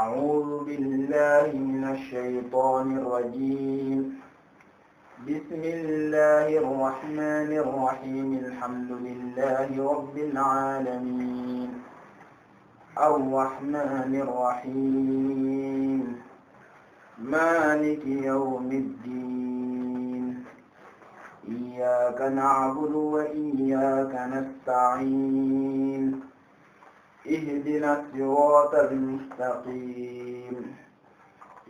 أعوذ بالله من الشيطان الرجيم بسم الله الرحمن الرحيم الحمد لله رب العالمين الرحمن الرحيم مالك يوم الدين إياك نعبد وإياك نستعين ihdina siraatal mustaqiim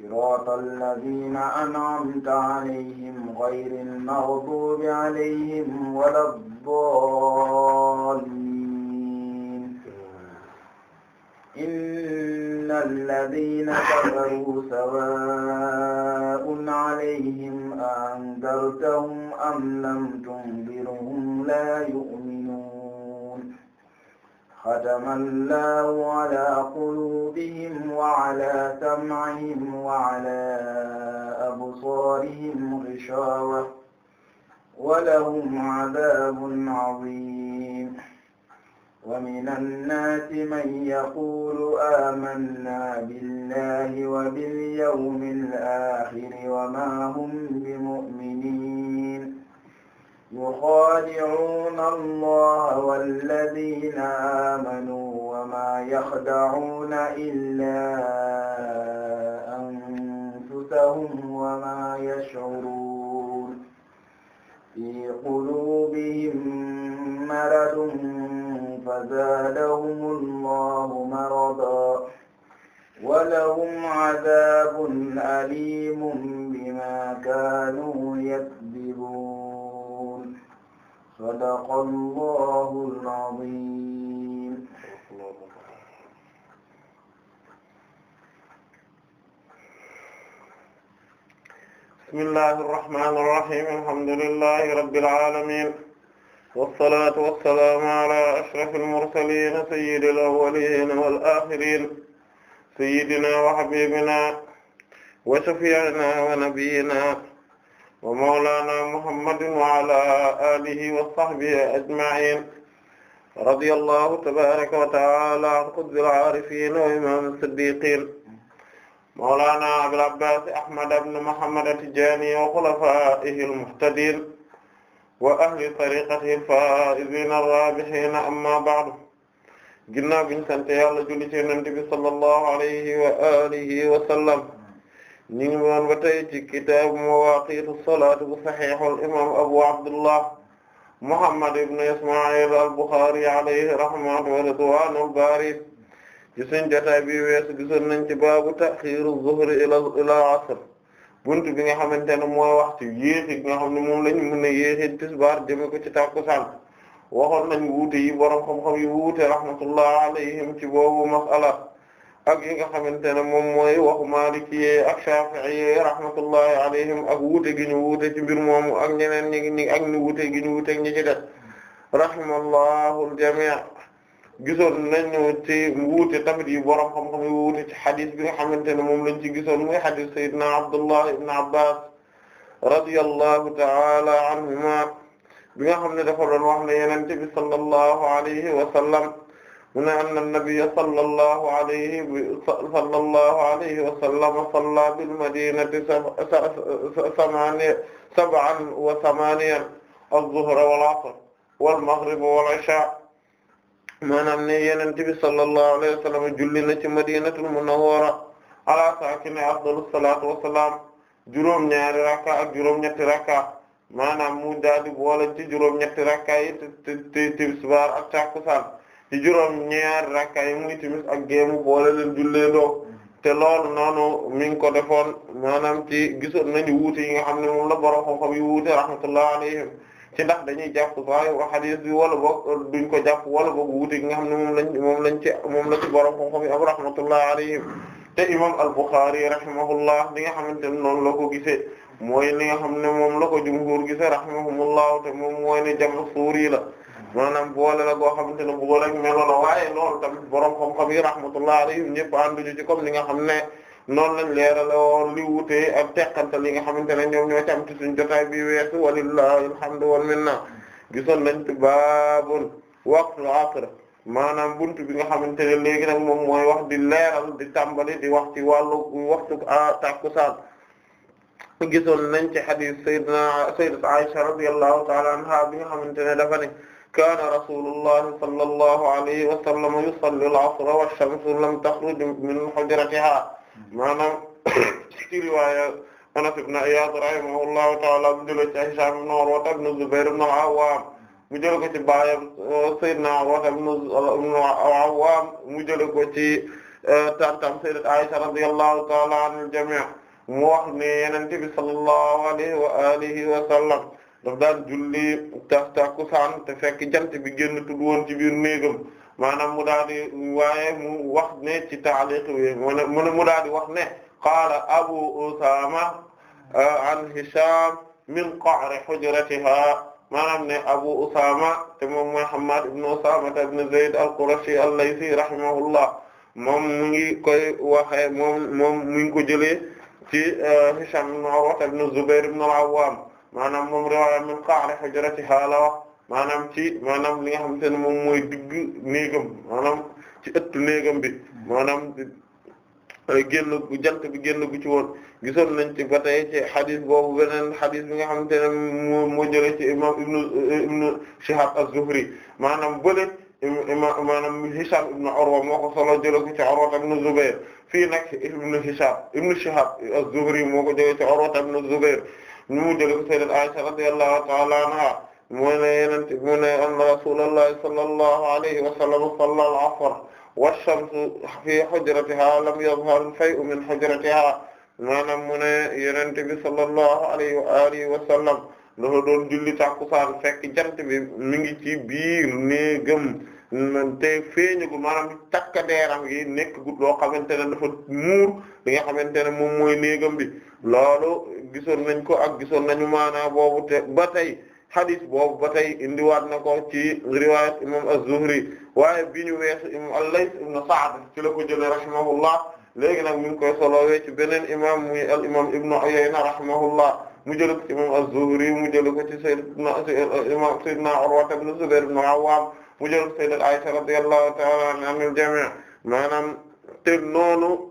siraatal laziina an'amta alayhim ghayril maghduubi alayhim waladh-dhaalliin innal laziina kafaruu sawaa'un alayhim a anzartahum am lam tunzirhum laa yu'minuun ختم الله على قلوبهم وعلى سمعهم وعلى أبصارهم غشاوة ولهم عذاب عظيم ومن الناس من يقول آمنا بالله وباليوم الآخر وما هم بمؤمنين يخادعون الله والذين آمنوا وما يخدعون إلا أنفسهم وما يشعرون في قلوبهم مرض فزادهم الله مرضا ولهم عذاب أليم بما كانوا يكذبون sadaqallaahul aziim bismillaahir rahmaanir rahiim alhamdulillaahi rabbil aalamiin wassalaatu wassalaamu alaa ashrafil mursaliin sayyidil awwaliin wal aaxiriin sayyidinaa wa habiibinaa wa shafii'inaa wa nabiyinaa wa mawlaana muhammadin wa alaa aalihi wa sahbihi ajma'iin radiyallahu tabaaraka wa ta'aala an qutbil aarifiin wa imaamil siddiqiin mawlaana abil abbaas ahmad ibn muhammad at-tijaani wa xulafaa'ihil muhtadiin wa ahli tariiqatihil faa'iziina raabihiin amma ba'du ginnaaw biñ sant Yàlla julli ci Yonent bi sallallahu alayhi wa aalihi wa sallam ñu ngi woon ba tey ci kitaabu mawaaqiitu salaati bu saxiixul imaam abu abdullah muhammad ibn isma'il al-bukhari alayhi rahmatu wa ridwaanul baari ci sunu jotaay bi weesu gisoon nañ ci baabu taxiiru zuhri ila ila asr bunt bi nga xamante ne mooy wax ci yéexi nga xam ne moom lañ mën a yéexi tisbaar jëme ko ci tàkkusaan waxoon nañ wuute yi borom xam-xam yi wuute rahmatullah alayhim ci boobu masala ak yi nga xamante ne moom mooy waxu Maalikiyye ak Shaafi'iyye rahmatullahi alayhim ak wuute gi ñu wuute ci mbir moomu ak ñeneen ñi ñi ak ñu wuute gi ñu wuute ak ñi ci def rahimallahu al-jamii' gisoon nañu ci wuute tamit yi borom xam-xam yi wuute ci xadis bi nga xamante ne moom lañ ci gisoon mooy xadis Sayyidina Abdullah ibn Abbas radiyallahu ta'ala anhuma bi nga xam ne dafa doon wax ne Yonent bi sallallahu alayhi wa sallam mu ne anna nabiyya sallallahu alayhi sallallahu alayhi wa sallam salla bil madinati samaaniya sab'an wa samaaniyan az-zuhra wal 'asra wal maghriba wal 'ishaa maanaam ne Yonent bi sallallahu alayhi wa sallam julli na ci madinatul munawwara ala saakinihaa afdalu salaatu wa salaam juróom-ñaari rakka ak juróom-ñetti rakka maanaam mu daal di boole ci juróom-ñetti rakka yi te te tisbaar ak takkusaan ci juróom ñaar rakka yi muy timis ak géemu boole leen julleendoo te loolu noonu mi ngi ko defoon maanaam ci gisoon nañu wuute yi nga xam ne moom la borom xam-xam yi wuute rahmatullah ci ndax dañuy jàpp saahib hadis bi wala boog duñ ko jàpp wala boog wuute gi nga xam ne moom lañ moom lañ moom la ci borom xam-xam yi am rahmatullah alayhim te imam al-Bukhari rahimahullah li nga xamante ne noonu la ko gisee mooy li nga xam ne moom la ko jumhur gisee rahimahumullah te moom mooy ne jam suuri la maanaam boole la goo xamante ne boole ak melo la waaye loolu tamit borom xam-xam yi rahmatullah alayhim ñëpp ànduñu ci comme li nga xam ne noonu lañ leeraloon li wuute ak teqante li nga xamante ne ñoom ñoo ci am ci suñu jotaay bi weesu walillahi alhamdu wal minna gisoon nañ ci baabun waqtul asr maanaam buntu bi nga xamante ne léegi nag moom mooy wax di leeral di tàmbali di wax ci wàllu waxtu ah, takkusaan gisoon nañ ci hadith sayyidina sayyidat Aisha radiyallahu ta'ala anha bi nga xamante ne dafa ne kaana rasuulullahi sallallahu alayhi wa sallam yusalli al-asra wash-shamsu lam taxruj min hujratiha maanaam ci riwaaya Anas ibn Iyaad rahimahullahu ta'ala mu jël ko ci Hishaam ibn Urwa ibn Zubayr ibn al-Awwaam mu jël ko ci baayam euh, Sayyidina Urwa ibn al-Awwaam mu jël ko ci euh, tantam Sayyidati Aysa radiyallahu ta'ala anil jamii' mu wax ne Yonent bi sallallahu alayhi wa alihi wa sallam daf daan julli tax te fekk jant bi génn tudd woon ci biir néegam maanaam mu daal waaye mu wax ne ci taaliq bi mu ne di wax ne qaala abu usama ah, an hisham min qa'ri hujratiha maanaam ne abu usama te moom mooy hammad ibn usama ibn zayd mu ngi koy waxee moom mu ngi ko jëlee ci ah, hisham ibn urwa ibn zubair ibn al maanaam moom riwaaya min qa'ri hujratiha la wax maanaam ci maanaam li nga xamante ne moom mooy digg néegam maanaam ci ëttu néegam bi maanaam génn jant bi génn gu ci woon gisoon nañ ci ba tey ci xadis boobu beneen xadis bi nga xamante ne moo moo jëlee ci imam ibnu ibnu Shihab az-Zuhri maanaam bële imam maanaam Hisham ibnu Urwa moo ko solo jëlee ko ci Urwa ibnu Zubayr fii nag ibnu Hisham ibnu Shihab az-Zuhri moo ko jëlee ci Urwa ibnu Zubayr ñu mu jële ko sayyidat Aisha radiyallahu ta'ala anha mu ne yonent mu ne anna rasulallahi sallallahu alayhi wa sallam salla al-'asr wash-shamsu fi hujratiha lam yadhhar shay'un min hujratiha maanaam mu ne yonent bi sallallahu alayhi wa alihi wa sallam dafa doon julli tàkkusaan fekk jant bi mi ngi ci biir néegam te feeñagu maanaam takkadeeram gi nekk gut loo xamante ne dafa muur li nga xamante ne moom mooy néegam bi loolu gisoon nañ ko ak gisoon nañu maanaa boobu te ba tey hadith boobu ba tey indiwaat na ko ci riwayat imam az-Zuhri waaye bi ñu weesu imam al ibn Sa'd ci la ko jëlee rahimahullah léegi nag mu ngi koy solowee ci beneen imam muy al imam ibn Uyayna rahimahullah mu jël ko ci imam az-Zuhri mu jël ko ci sayyidina imam sayyidina Urwa ibn Zubair ibn Awwam mu jël sayyidat Aisha radiyallahu ta'ala anil jami' maanaam te noonu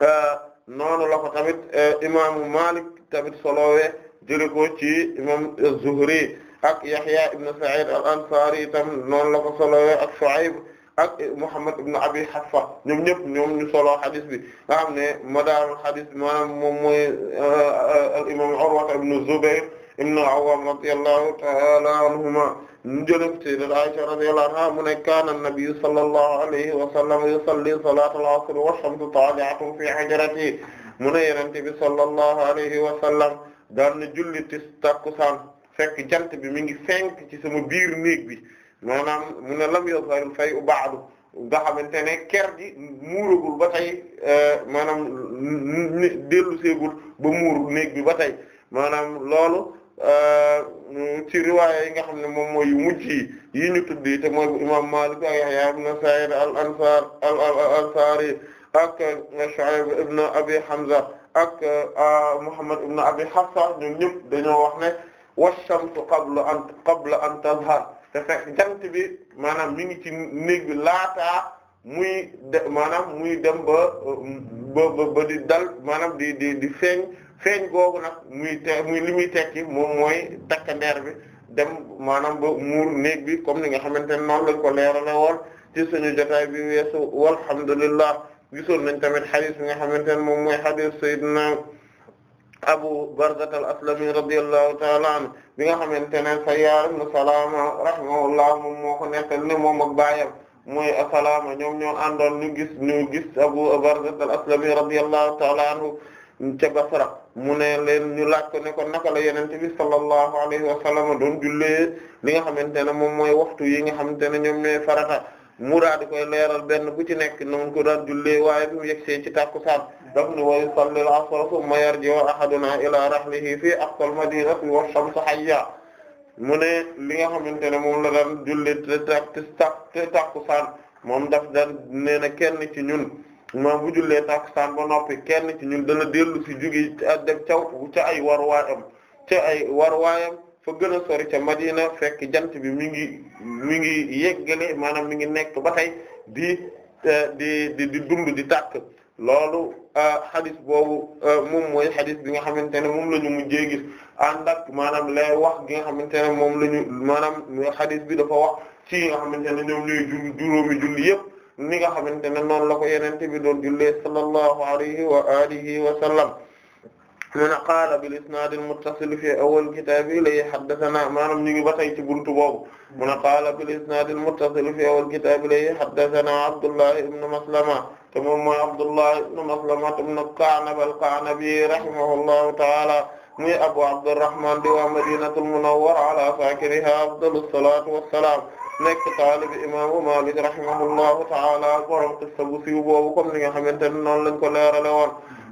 euh, noonu la ko tamit euh, imaamu Malik tamit solowee jëlee ko ci imam az-Zuhri ak Yahya ibn Sa'id al-Ansari tam noonu la ko solowee ak Shu'ayb ak Muhammad ibn Abi Hafsa ñoom ñëpp ñoom ñu solo xadis bi nga xam ne madaarul xadis bi maanaam moom mooy euh, al imam Urwa ibn Zubayr ibn al-Awwam radiyallahu ta'ala anhuma ñu jëlem sayyidat Aisha radiyallahu anha mu ne kaana nabiyyu sallallahu alayhi wa sallam yusalli salaatal asr wa shamsu taali'atun fi hijratihi mu ne yonent bi sallallahu alayhi wa sallam daan na julli tis takkusaan fekk jant bi mi ngi fenk ci sama biir néeg bi maanaam mu ne lam yazharil fay'u ba'du nga xamante ne ker gi muuragul ba tey maanaam dellu seegul ba muur néeg bi ba tey maanaam loolu Euh, ci riwaaya yi nga xam ne moom mooy yu mujj yi ñu tuddi te mooy bu imam Maalik ak Yahya ibn Sa'id al ansar al ansari ak Shu'ayb ibn Abi Hamza ak euh, Muhammad ibn Abi Hafsa ñoom ñëpp dañoo wax ne wash-shamsu qabla an qabla te fekk jant bi maanaam mi ngi ci néeg bi laataa muy de maanaam muy dem ba euh, dal maanaam di di feeñ googu nag muy te muy li muy tekki moom mooy takkandeer bi dem maanaam ba muur néeg bi comme ni nga xamante ne noonu lañ ko leerale woon ci suñu jotaay bi weesu walhamdulillah gisoon nañ tamit xadis bi nga xamante ne moom mooy xadis sayyidina Abu Barzat al-Aslami radiyallahu ta'ala anhu bi nga xamante ne Sayyaar ibn Salaama rahimahullah moom moo ko nettal ne moom ak baayam mooy Salaama ñoom ñoo àndoon ñu gis ñu gis Abu Barzat ta'ala anhu ca mu ne leen ñu laaj ko ne ko naka la yonent bi sallallahu alayhi wa sallam doon jullee li nga ne moom mooy waxtu yi nga xamante ne ñoom ñooy farata mu di koy leeral benn bu ci nekk noonu ko daan jullee waaye bi mu yegsee ci tàkkusaan daf ni wa yusalli al-asra thumma yarji'u ahaduna ila rahlihi fii aqsal madinati wa shamsu hayya mu ne li nga xamante ne moom la daan jullee te tàkkusaan moom daf daan nee kenn ci ñun imam bu jullee takusaan ba noppi kenn ci ñun dana dellu si jóge def caw ca ay warwaayam ca ay warwaayam fa gën a sori ca Madina fekk jant bi mu ngi mi ngi yeggale maanaam mi ngi nekk ba tey di eh, di di dund di tàkk loolu eh, xadis boobu eh, moom mooy xadis bi nga xamante ne moom la ñu mujjee gis ànd ak maanaam lay wax gi nga xamante ne moom la ñu maanaam xadis bi dafa wax ci nga xamante ne ñoom ñooy juróomi julli yëpp. ni nga xamante ne noonu la ko yenente bi doon jullee sallallahu alayhi wa alihi wa sallam mu ne qaala bil isnaad al muttasil fi awwal kitaab ilay haddathana maanaam ñu ngi ba tey ci buntu boobu mu ne qaala bil isnaad al muttasil fi awwal kitaab ilay haddathana Abdullah ibn Maslama te moom mooy Abdullah ibn Maslama ibn Qa'nab al Qa'nabi rahimahullahu ta'ala muy Abu Abdurrahman di waa Madinatul Munawwara ala saakinihaa afdalu salaatu wassalaam nekk taalibi imaamu Maalik rahimahullahu ta'ala borom qissa bu siiw boobu comme ni nga xamante ne noon lañ ko leerale woon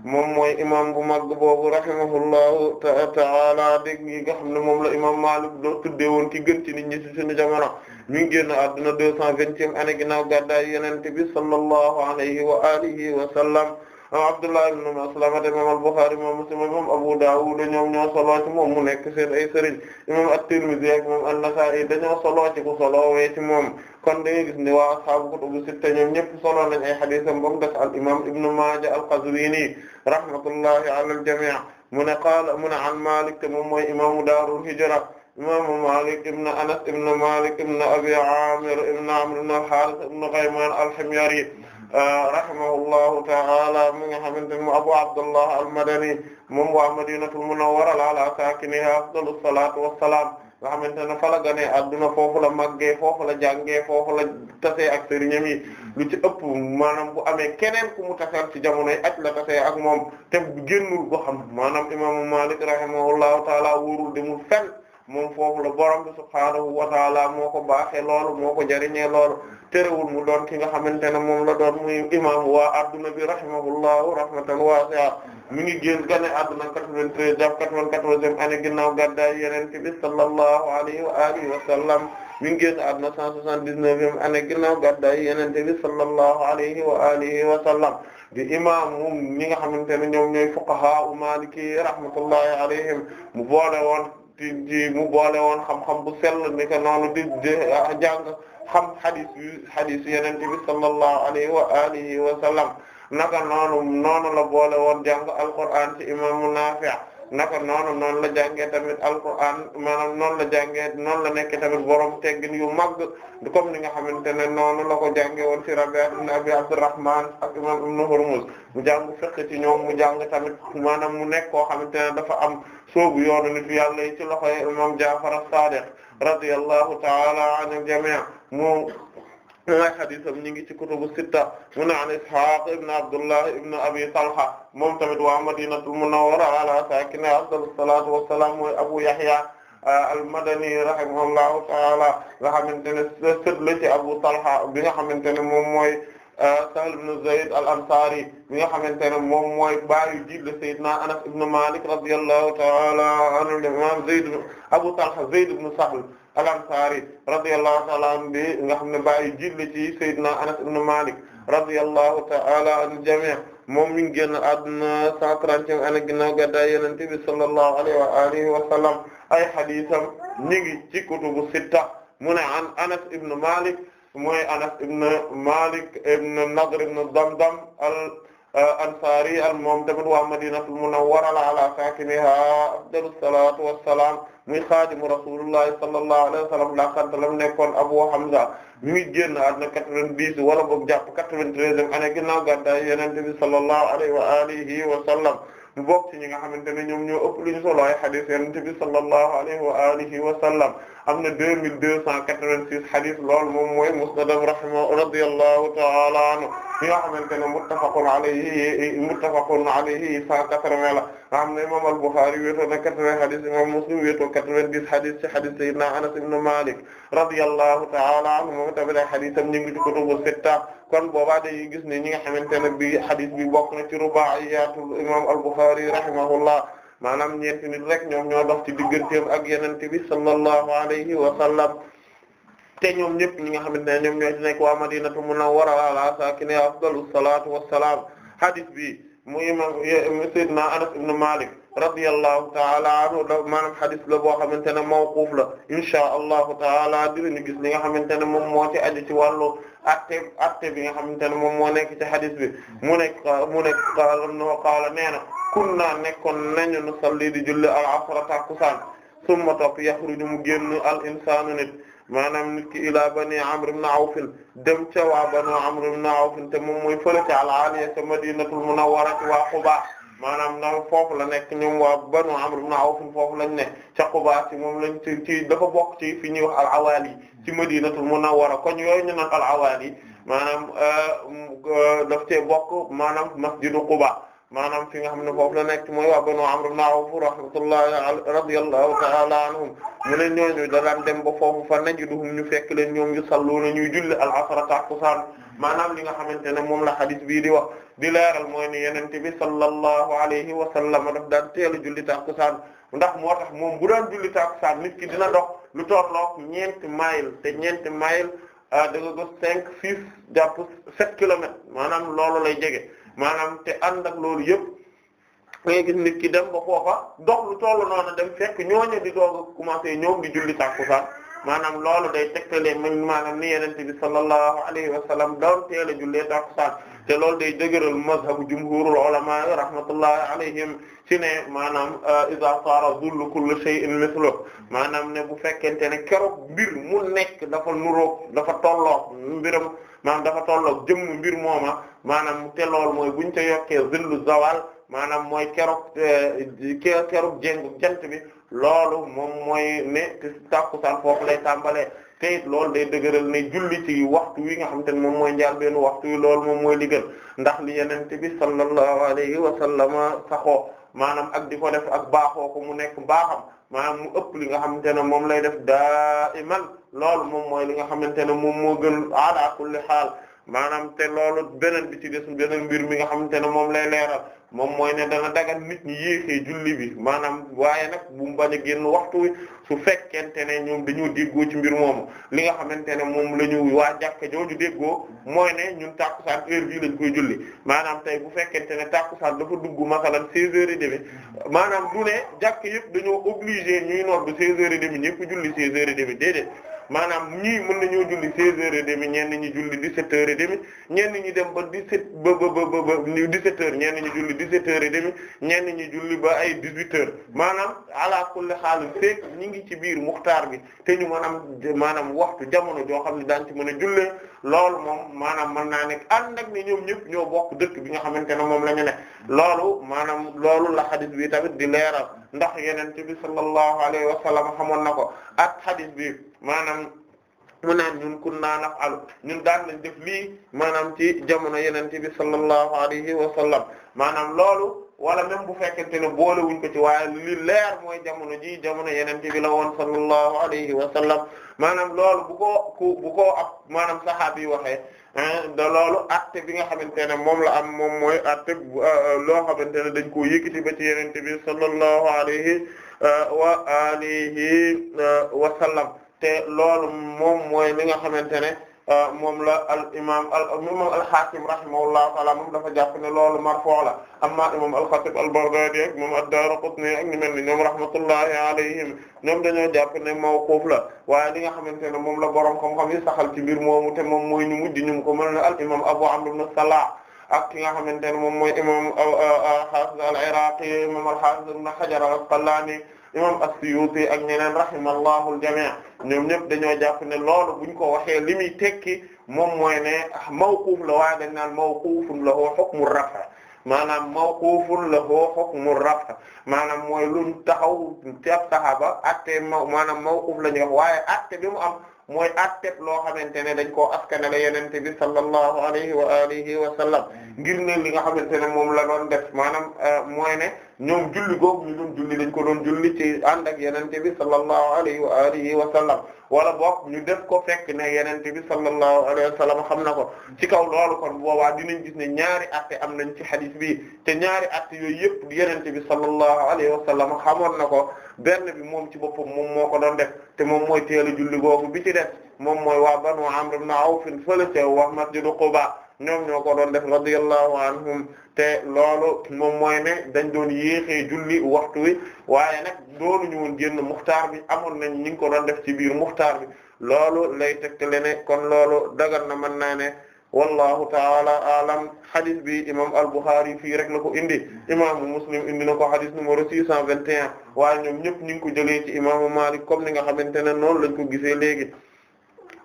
moom mooy imaam bu mag boobu rahimahullahu ta'ala dégg yi nga xam ne moom la imaam Maalik doo tuddee woon ki gën ci nit ñi ci suñu jamono mi ngi génn àdduna deux cent vingtième année ginnaaw gàddaay Yonent bi sallallahu alayhi wa alihi wa sallam Abdullah ibn Maslama imam al-Bukhari imam Muslim imam Abu Dawud ñoom ñoo solo ci moom mu nekk seen ay sëriñ imam at-Tirmidhi ak imam an-Nasa'i dañoo solo ci ku solo wee ci moom kon dañuy gis ne waa ashaabu kutubu sitta ñoom ñëpp solo nañ ay hadiisam bam def al imam Ibn Maaja al-Qazwini rahmatullahi ala al-jamii' mu ne qaala mu ne an Maalik te moom mooy imaamu daarul hijra imaamu Maalik ibn Anas ibn Maalik ibn Abi Aamir ibn Amr ibn al-Haaris ibn Qaymaan al-Himyari rahimahullahu ta'ala mi nga xamante ne mu Abu Abdullah al-Madani moom waa Madinatul Munawwara ala saakinihaa afdalus salaatu wassalaam nga xamante ne fa la gane adduna foofu la màggee foofu la jàngee foofu la tasee ak sëriñam yi lu ci ëpp maanaam bu amee keneen ku mu taseel ci jamonoy at la ak moom te génnul go xam maanaam imaamu Maalik rahimahullahu ta'ala wóorul demul fenn moom foofu la borom bi subhaanahu wa taala moo ko baaxee loolu moo ko jariñee loolu terewul mu doon ki nga xamante ne moom la doon muy imam waa adduna bi rahimahullahu rahmatan wasi'a mi ngi génn gane adduna 93 jàpp 94e année ginnaaw gàddaay yonent bi sallallahu alayhi wa alihi wa sallam mi ngi génn adduna 179e année ginnaaw gàddaay yonent bi sallallahu alayhi wa alihi wa sallam di imam ñi nga xamante ne ñoom ñooy fuqaha u maliki rahmatullahi alayhim mu boole woon di mu boole woon xam-xam bu sell ni ko noonu di ah, jàng xam xadis yu xadis yeneen bi sallallahu alayhi wa alihi wa sallam naka noonu noonu la boole woon jàng alquran ci imaamu Naafi' naka noonu noonu la jàngee tamit alquran maanaam noonu la jàngee noonu la nekk tamit borom teggin yu mag comme ni nga xamante ne noonu la ko jàngee woon ci Rabi' ibn Abi Abdurrahman ak imam Ibn Hurmuz mu jàng fiqh ci ñoom mu jàng tamit maanaam mu nekk koo xamante ne dafa am soobu yoonu nit yàlla yi ci loxoy imam Jaafar as-Sadiq radiyallahu ta'ala anil jami' mu. ay xadisam ñi ngi ci kutubu sitta mu ne an Ishaq ibn Abdullah ibn Abi Talha moom tamit waa Madinatul Munawwara ala sakina afdalu salatu wassalam mooy Abu Yahya al-Madani rahimahullahu ta'ala nga xamante ne sët la ci Abu Talha bi nga xamante ne moom mooy euh, Sahl ibn Zayd al-Ansari bi nga xamante ne moom mooy baayu jiit la Sayyidina Anas ibn Malik radiyallahu ta'ala anhu imam Zayd Abu Talha Zayd ibn Sahl al-Ansari radiyallahu ta'ala anhu bi nga xam ne bàyyi jille ci Seydina Anas ibn Malik radiyallahu ta'ala anil jami' moom mi ngi génn àdduna 130e année ginnaaw gàddaay Yonent bi sallallahu alayhi wa alihi wa sallam ay hadiisam ñi ngi ci kutubu sitta mu ne an Anas ibn Malik mooy Anas ibn Malik ibn Nadr ibn Damdam al-Ansari uh, al moom tamit waa Madinatul Munawwara ala saakiniha afdalus salaatu wassalaam muy xaadimu rasulullahi sallallahu alayhi wa sallam laqantalam nekkoon Abu Hamza muy génn àdduna 90 wala boog jàpp 93e année ginnaaw gàddaay Yonent bi sallallahu alayhi wa alihi wa sallam mu bokk ñi nga xamante ne ñoom ñoo ëpp lu ñu solo ay hadith Yonent bi sallallahu alayhi wa alihi wa sallam am na deux mille deux cent quatre six hadith loolu moom mooy musnadam rahima radiyallahu ta'ala anhu ñi xamante ne muttafaqun alayhi muttafaqun alayhi cent quatre-vingts la nga xam ne na quatre-vingts hadith imam Muslim wéetoo quatre-vingt-dix hadith ci hadith sayyidina Anas ibn Malik radiyallahu ta'ala anhu moom tamit ay haditham ñu ngi ci kutubu sitta kon boobaa day gis ne ñi nga xamante ne bi hadith bi bokk na ci rubaa'iyaatu imam al-Bukhari rahimahullah maanaam ñeenti nit rek ñoom ñoo dox ci digganteem ak yenente bi sallallahu alayhi wa sallam te ñoom ñëpp ñi nga xamante ne ñoom ñoo ci nekk waa madinatu munawwara ala saakine afdalu salatu wassalaam hadith bi mu imam sayyidina anas ibn malik radiyallahu taala anhu da maanaam hadith la boo xamante ne mawquuf la insha allahu taala dinañu gis li nga xamante ne moom moo ci aju ci wàllu atte atte bi nga xamante ne moom moo nekk ci hadith bi mu nekk mu nekk qaala qaala nee na kunna nekkoon nañu nu salli di julli al asra takusaan summa topp yaxruju mu génn al insaanu nit maanaam nit ki ilaa bani amr ibn awf dem ca waa banu amr ibn awf te moom mooy fële ca al aliya ca madinatul munawwara waa Quba maanaam nam foofu la nekk ñoom waa banu amr ibn awf foofu lañ ne ca Quba ci moom lañ ci ci dafa bokk ci fi ñuy wax al awali ci madinatul munawwara koñ yooyu ñu naan al awali maanaam euh, euh, daf cee bokk maanaam masjidu Quba maanaam fi nga xam ne foofu la nekk mooy waa Banu Amr ibn Awf rahmatullahi radiyallahu ta'ala anhum mu ne ñooñu da daan dem ba foofu fa najiduhum ñu fekk leen ñoom ñu sallu na ñuy julli al-asra takusaan maanaam li nga xamante ne moom la hadith bii di wax di leeral mooy ni yenente bi sallallahu alayhi wa sallam daf daan teel a julli takusaan ndax moo tax moom bu daan julli takusaan nit ki dina dox lu tollook ñeenti mile te ñeenti mile ah, da nga gis cinq six jàpp sept kilomètres maanaam loolu lay jege maanaam te ànd ak loolu yëpp ngay gis nit ki dem ba foofa dox lu tollu noonu dem fekk ñooñu di doog a commencé ñoom di julli tàkkusaan maanaam loolu day tegtale maanaam ni yonent bi sallallahu alayhi wa sallam doon teel a jullee tàkkusaan te loolu day dëgëral mazhabu jumhurul ulama rahmatullahi alayhim ci ne maanaam euh, iza sara zullu kullu shay'in mithlu maanaam ne bu fekkente ne keroog mbir mu nekk dafa nuroog dafa tolloo mbiram maanaam dafa tolloog jëmm mbir mooma maanaam te lool mooy buñ ca yokkee zillu zawal maanaam mooy keroog eh, keroog jéngu jant bi loolu moom mooy ne tàkkusaan foofu lay tàmbalee te it loolu day dëgëral ne julli ci waxtu wi nga xam te ne moom mooy njaal benn waxtu wi loolu moom mooy liggéey ndax li yenente bi sallallahu alayhi wa sallama saxoo maanaam ak di ak baaxoo ko mu nekk baaxam maanaam mu ëpp li nga xamante ne moom lay def daa iman loolu moom mooy li nga xamante ne moom moo gën ala kulli xaal maanaam te loolu beneen bi ci des beneen mbir mi nga xamante ne moom lay leeral moom mooy ne dana dagal nit ñi yéexee julli bi maanaam waaye nag bu mu bañ a génn waxtu wi su fekkente ne ñoom dañoo déggoo ci mbir moomu li nga xamante ne moom la ñu waa jàkk jooju déggoo mooy ne ñun tàkkusaan heure bii lañ koy julli maanaam tey bu fekkente ne tàkkusaan dafa dugg masalan seize heures et demie maanaam du ne jàkk yëpp dañoo obligé ñuy nodd seize heures et demie ñëpp julli seize heures et demie déedéet maanaam ñii mën nañoo julli 16 heures et demi ñenn ñi julli 17 heures et demi ñenn ñi dem ba 17 ba ba ba ba 17 heures ñenn ñi julli 17 heures et demi ñenn ñi julli ba ay 18 maanaam ala kulli xaal fekk ñi ngi ci biir muxtaar bi te ñu maanaam maanaam waxtu jamono joo xam ne daan ci mën a jullee lool moom maanaam mën naa nekk ànd ak ne ñoom ñëpp ñoo bokk dëkk bi nga xamante ne moom la ñu ne loolu maanaam loolu la xadis bi tamit di leeral ndax yeneen bi sallallahu alayhi wa sallam xamoon na ko ak xadis bi. maanaam mu naan ñun kunnaa naf'alu ñun daan lañ def lii maanaam ci jamono yenente bi sallallahu alayhi wa sallam maanaam loolu wala même bu fekkente ne boole wuñ ci waaye li leer mooy jamono ji jamono yenente bi la woon sallallahu alayhi wa sallam maanaam loolu bu ko ku bu ko ab maanaam saxaabi yi waxee da loolu acte bi nga xamante ne moom la am moom mooy acte euh, loo xamante ne dañ koo yëkkati ba ci yenente bi sallallahu alayhi euh, wa alihi euh, wa te loolu moom mooy li nga xamante ne euh, moom la al imaam al imaam al Haakim rahimahullahu ta'ala moom dafa jàpp ne loolu marfu' la amma imaam al Xatib al Baghdadi moom ad-Daaraqutni ak ñu mel ni ñoom rahmatullahi alayhim ñoom dañoo jàpp ne mawquuf la waaye li nga xamante ne moom la borom xam-xam sax saxal ci mbir moomu te moom mooy ñu mujj ñu ko mel ne al imaam Abu Amr ibn Salah ak ki nga xamante ne moom mooy imaam al-Haafiz al-Iraaqi imaam al-Haafiz ibn Hajar al-Asqalaani imam as-Suyuti ak ñeneen rahimallahu al-jami' ñoom ñëpp dañoo jàpp ne loolu buñ ko waxee li muy tekki moom mooy ne mawquuf la waaye dañ naan mawquufun lahu hukmu rafa maanaam mawquufun lahu hukmu rafa maanaam mooy luñ taxaw ci ab saxaaba atte ma maanaam mawquuf la ñuy wax waaye atte bi mu am mooy atteb loo xamante ne dañ koo askanale yenente bi sallallahu alayhi wa alihi wa sallam ngir ne li nga xamante ne moom la doon def maanaam euh, mooy ne ñoom julli googu ñu doon julli dañ ko doon julli ci ànd ak yenente bi sallallahu alayhi wa alihi wa sallam wala boog ñu def ko fekk ne yenente bi sallallahu alayhi wa sallam xam na ko ci kaw loolu kon boobaa dinañ gis ne ñaari atte am nañ ci hadith bi te ñaari atte yooyu yëpp yenente bi sallallahu alayhi wa sallam xamoon na ko benn bi moom ci boppam moom moo ko doon def te moom mooy teelu julli googu bi ci def moom mooy waa am Amr ibn Awf fële ca wax masjidu Quba ñoom ñoo ko doon def radiyallahu anhum te loolo moom mooy ne dañ doon yéexee julli waxtu wi waaye nag doonuñu woon génn muxtaar bi amoon nañ ñi ngi ko doon def ci biir muxtaar bi loolu lay le ne kon loolu dagan na man naa ne wallahu taala alam hadis bi imam al-Bukhari fii rek la ko indi imaamu Muslim indi na ko hadis numéro 621 waaye ñoom ñëpp ñu ngi ko jëlee ci imaamu Malik comme ni nga xamante ne noonu lañ ko gisee léegi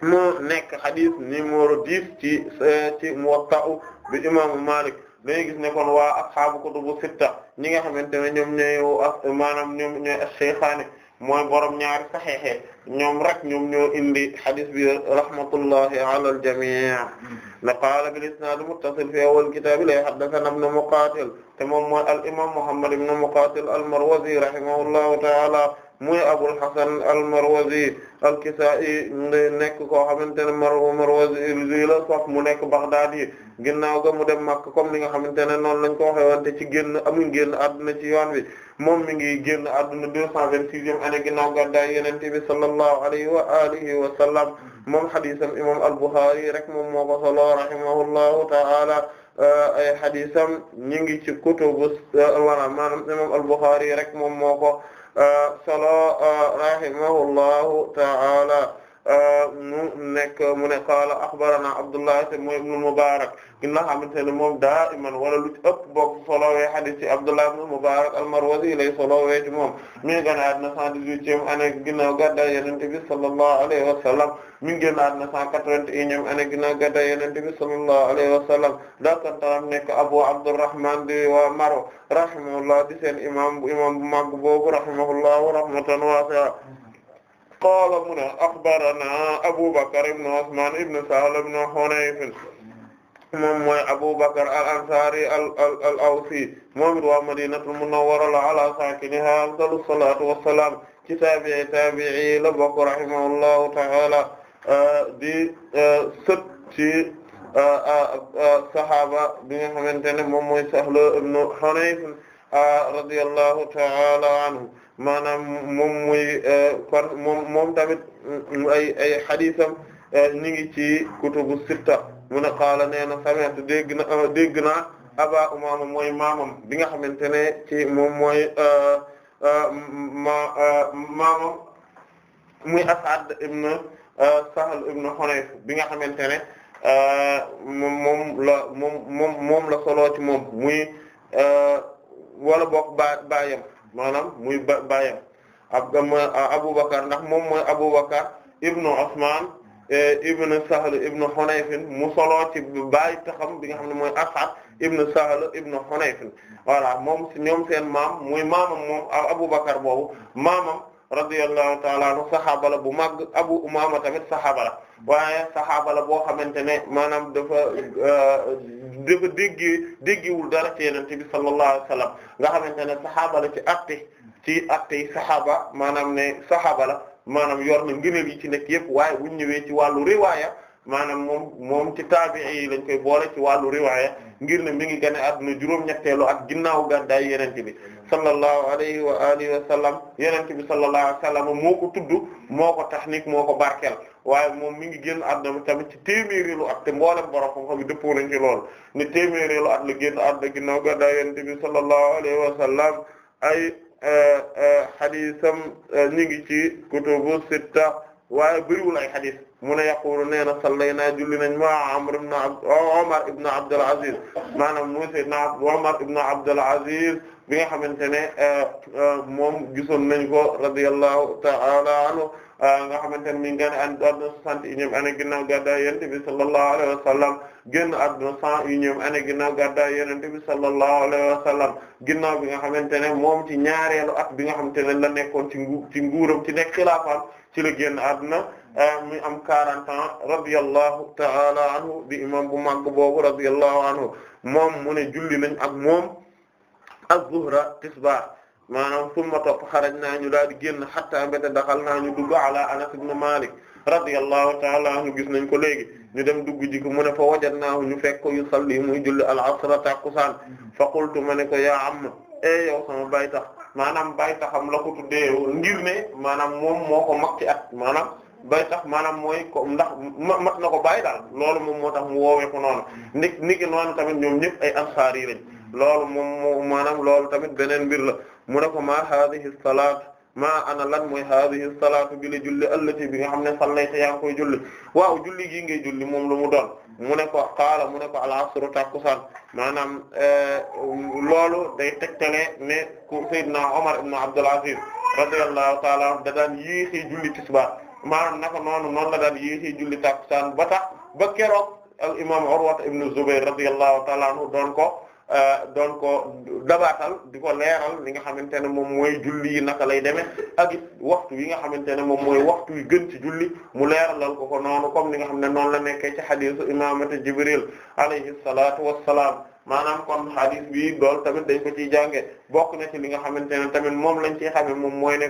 mu nekk xadis numéro 10 ci euh, ci Muwatta bi imaamu Malik dañuy gis ne kon waa ashaabu kutubu sitta ñi nga xamante ne ñoom ñooy maanaam ñoom ñooy as-shaykhaani mooy borom ñaari saxeexe ñoom rek ñoom ñoo indi xadis bi rahmatullahi ala al-jamii' la qaala bil isnaad muttasil fi awwal kitaab la haddathana ibn Muqaatil te moom mooy al imaam Muhammad ibn Muqaatil al-Marwazi rahimahullahu ta'ala muy Abul Hasan al-Marwazi al-Kisa'i nekk koo xamante ne Marwazi la sof mu nekk Baghdadi ginnaaw ga mu dem Makka comme ni nga xamante ne noonu lañ ko waxee wante ci génn amuñ génn àdduna ci yoon bi moom mi ngi génn àdduna deux cent vingt-sixième année ginnaaw gàddaay Yonent bi sallallahu alayhi wa alihi wa sallam moom hadisam imam al-Bukhari rek moom moo ko solo rahimahullahu ta'ala euh, ay hadisam ñi ngi ci kutubu wala euh, maanaam imam rek moom moo solo rahimahullahu ta'ala mu nekk mu ne qaala axbarana Abdullah te mooy ibnu Mubarak gi nga xamante ne moom daa iman wala lu ci ëpp bokk solowee hadith ci Abdullah Mubarak al-Marwazi lay solowee ci moom mi ngi gën a àdduna 118 ane ginnaaw gàddaay Yonent bi sallallahu alayhi wa sallam mi ngi gën a àdduna 181 ane ginnaaw gàddaay Yonent bi sallallahu alayhi wa sallam daa kan tam nekk Abu Abdurrahman di waa Maro rahimahullah di seen imam bu mag boobu rahimahullah rahmatan wasi'a qaala mu ne axbaranaa Abu Bakr ibn Usmaan ibn Sahl ibn Hunayf moom mooy Abu Bakr al-Ansaari al-Awsi moom it waa Madiinatul Munawwara la ala saakinihaa afdalu salaatu wa salaam ci taabi'i taabi'i la bokk rahimahullahu ta'aala di sët ci saxaaba bi nga xamante ne moom mooy Sahl ibn Hunayf radiyallahu ta'aala anhu maanaam moom muy euh, par moom moom tamit euh, ay ay xadiisam euh, ñu ngi ci kutubu sitta mu ne qaala nee na sami'tu dégg na dégg naa aba mooy maamam bi nga xamante ne ci moom mooy ma maamam muy asad ibn sahl ibn hunayf bi nga xamante ne moom moom la moom moom la soloo ci moom muy wala bokk ba baayam maanaam muy ba bàyyam ab Aboubacar ndax moom mooy Aboubacar ibnu Osman e, ibnu Sahl ibnu Hunayf mu solo ci bàyyi taxam bi nga xam ne mooy As'ad ibnu Sahl ibnu Hunayf voilà moom ñoom seen maam muy maamam moom Aboubacar boobu maamam radiyallahu ta'ala anhu saxaaba la bu mag Abu Umaama tamit saxaaba la waaye saxaaba la boo xamante ne maanaam dafa euh, dafa déggi déggiwul dara ci yonent bi sallallahu alayhi nga xamante ne saxaaba la ci atte ci atte saxaaba maanaam ne saxaaba la maanaam yor na ngëneel yi ci nekk yëpp waaye buñ ñëwee ci wàllu riwaaya maanaam moom moom ci taabi'i yi lañ koy boole ci wàllu riwaaya ngir ne mi ngi gën a adduna juróom-ñetteelu ak ginnaaw gàddaay yonent bi sallallahu alayhi wa alihi wa sallam yenente bi sallallahu alayhi wa sallam moo ko tudd moo ko tahnik moo ko barkeel waaye moom mi ngi génn àdduna tamit ci téeméeri lu at te mboolem borom xam-xam yi dëppoo nañ ci lool ne téeméeri lu at la génn àdduna ginnaaw gàddaa yenente bi sallallahu alayhi wa sallam ay eh, eh, hadisam eh, ñu ngi ci kutubu sitta waaye bëriwul ay hadis mu ne yaqulu nee na sallaynaa julli nañ ma Amr ibn Omar ibn Abdul Aziz maanaam mu sayyidna Omar ibn Abdul Aziz bi nga xamante ne euh, euh, moom gisoon nañ ko radiyallahu ta'ala anhu euh, nga xamante ne mi ngi génn àdduna soixante unième année ginnaaw gàddaay Yonent bi sallallahu alayhi wa sallam génn àdduna cent unième année ginnaaw gàddaay Yonent bi sallallahu alayhi wa sallam ginnaaw bi nga xamante ne moom ci ñaareelu at bi nga xamante ne la nekkoon ci ngu ci nguuram ci nekk xilaafam ci la génn àdduna Eh, mi am 40 ans radiyallahu ta'ala anhu di imam bu mag boobu radiyallahu anhu moom mu ne julli nañ ak moom az-zuhra tisba maanaam summa topp xaraj naa ñu daal di génn hatta mbéta daxal naa ñu dugg ala Anas ibn Malik radiyallahu ta'ala anhu gis nañ ko léegi ñu dem dugg ji ko mu ne fa ñu fekk ko yusalli muy julli al-asra takusaan fa qultu ma ne ko yaa am e yow sama bay tax maanaam bay taxam la ko ngir ne maanaam moom moo ko mag at bay tax maanaam mooy ko ndax mat na ko bàyyi daal loolu moom moo tax mu woowee ko noonu mm. ni niki noonu tamit ñoom ñëpp ay ansaar yi loolu moom moo maanaam loolu tamit beneen mbir la mu ne ko ma hadhihi salaat maa ana lan mooy hadhihi salaatu bi la julli allati bi nga xam ne sallayta yaa ngi koy julli waaw julli gii ngay julli moom lu mu doon mu ne ko qaala mu ne ko al asru takusaan maanaam eh, loolu day tegtale ne ku Seydina Omar ibn Abdul Aziz radiyallahu ta'ala da daan julli tisbaar maanaam naka noonu noonu la daan yéexee julli tàkkusaan ba tax ba keroog al imam Urwa ibn Zubayr radiyallahu ta'ala doon ko euh, doon dabaatal di ko leeral li nga xamante ne moom mooy julli yi naka lay demee ak it waxtu yi nga xamante ne moom mooy waxtu yi gën ci julli mu leeralal ko ko noonu comme ni nga xam ne noonu la nekkee ci xadiisu imamata Jibril alayhi salaatu wassalaam maanaam kon xadiis bi loolu tamit dañ ko ci jànge bokk na ci li nga xamante ne tamit moom lañ ciy xame moom mooy ne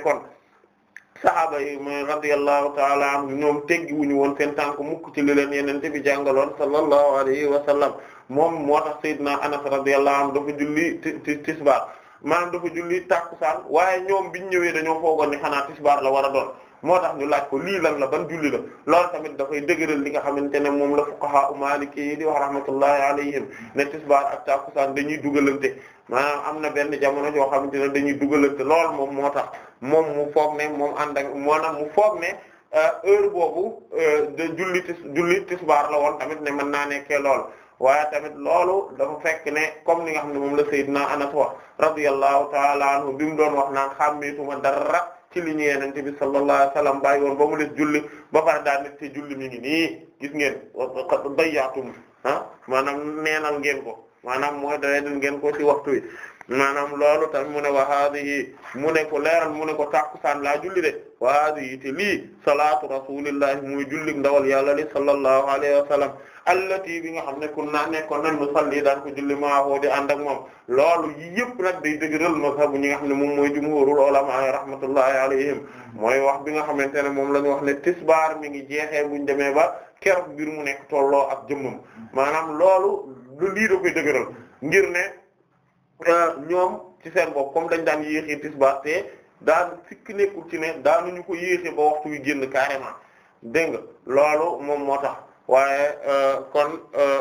sahaaba yi mooy radiyallahu taala anhu ñoom teggi wuñu woon seen tànk mukk ci li leen yenente bi jàngaloon sallallahu alayhi wa sallam moom moo tax sayyidina anas radiyallahu anhu dafa julli ti tisbaar maanaam dafa julli tàkkusaan waaye ñoom biñ ñëwee dañoo foogoon ni xanaa tisbaar la war a doon moo tax ñu laaj ko lii lan la ban julli la loolu tamit dafay dëgëral li nga xamante ne moom la fuqaha u maliki yi di wax rahmatullahi alayhim ne tisbaar ak tàkkusaan dañuy dugalante maanaam am na benn jamono joo xamante ne dañuy dugalante lool moom moo tax moom mu foog ne moom ànd ak maanaam mu foog ne heure boobu de julli tis julli tisbaar la woon tamit ne mën naa ke lool waaye tamit loolu dafa fekk ne comme ni nga xam ne moom la Seydina wa wax radiyallahu taala anhu bi mu doon wax naan xàmmeetuma dara ci li ñu yenente bi sallallahu alayhi wasallam bàyyi woon ba mu des julli ba par daal nit te julli mi ngi nii gis ngeen bayyaatum ah maanaam neenal ngeen ko maanaam mooy doye den ngeen ko ci waxtu wi maanaam loolu tam mu ne wa haadihi mu ne ko leeral mu ne ko saan laa julli de wa haadihi te lii salaatu rasulillahi muy julli ndawal yàlla li sallallahu alayhi wa sallam allati bi nga xam ne kun naa nekkoon nan nu salli daan ko julli maahoo di ànd ak moom loolu yi yëpp nag day dëgëral mazhabu ñi nga xam ne moom mooy jumhurul ulama rahmatullahi alayhim mooy wax bi nga xamante ne moom la ñu wax ne tisbaar mi ngi jeexee buñ demee ba keroog mbir mu nekk tolloo ak jëmmam lu lii da koy dëgëral ngir ne euh, ñoom ci seen bopp comme dañ daan yéexee tisbaar te daan sikk nekkul ci ne daanuñu ko yéexee ba waxtu wi génn carrément dégg nga loolu moom moo tax waaye euh, kon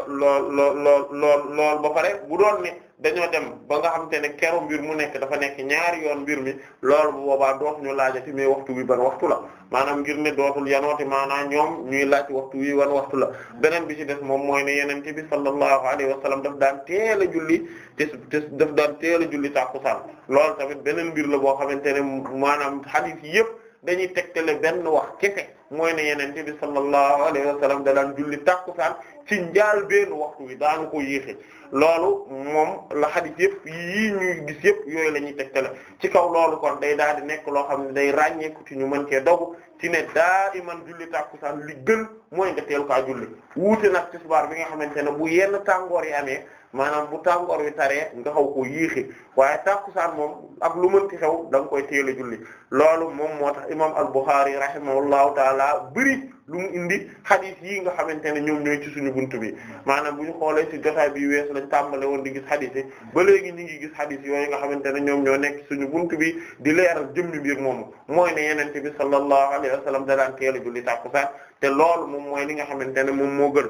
lool euh, lool lool lool ba pare bu doon ne dañoo dem ba nga xamante ne keru mbir mu nekk dafa nekk ñaari yoon mbir mi loolu bu boobaa dootuñu laajati mais waxtu wi ban waxtu la maanaam ngir ne dootul yanooti maanaam ñoom ñuy laaj waxtu wi wan waxtu la beneen bi ci des moom mooy ne yenente bi sallallahu alayhi wa sallam daf daan teel a julli te te daf daan teel a julli tàkkusaan loolu tamit beneen mbir la boo xamante ne maanaam hadith yépp dañuy tegtale benn wax kese mooy na yeneen bi sallallahu alayhi wa da daan julli tàkkusaan ci njaal benn waxtu wi daanu ko yéexe loolu moom la xadis yëpp yii ñuy gis yëpp yooyu la te la ci kaw loolu kon day daal di nekk loo xam ne day ràññeeku ci ñu mën cee dogu ci ne daa iman julli tàkkusaan li gën mooy nga teel kaa julli wuute nag tisbaar bi nga xamante ne bu yenn tàngoor yi maanaam bu tàngoor wi taree nga xaw koo yéexi waaye tàkkusaan moom ak lu mënti xew da nga koy teel a julli loolu moom moo tax imam al-Bukhari rahimahullahu taala bëri lu mu indi xadis yi nga xamante ne ñoom ñooy ci suñu buntu bi maanaam bu ñu xoolee ci jotaay bi weesu lañ tàmbale woon di gis xadis yi ba léegi ñu ngi gis xadis yooyu nga xamante ne ñoom ñoo nekk suñu buntu bi di leeral jëmmi biir moomu mooy ne yenente bi sallallahu alayhi wa sallam da daan teel a julli tàkkusaan te loolu moom mooy li nga xamante ne moom moo gën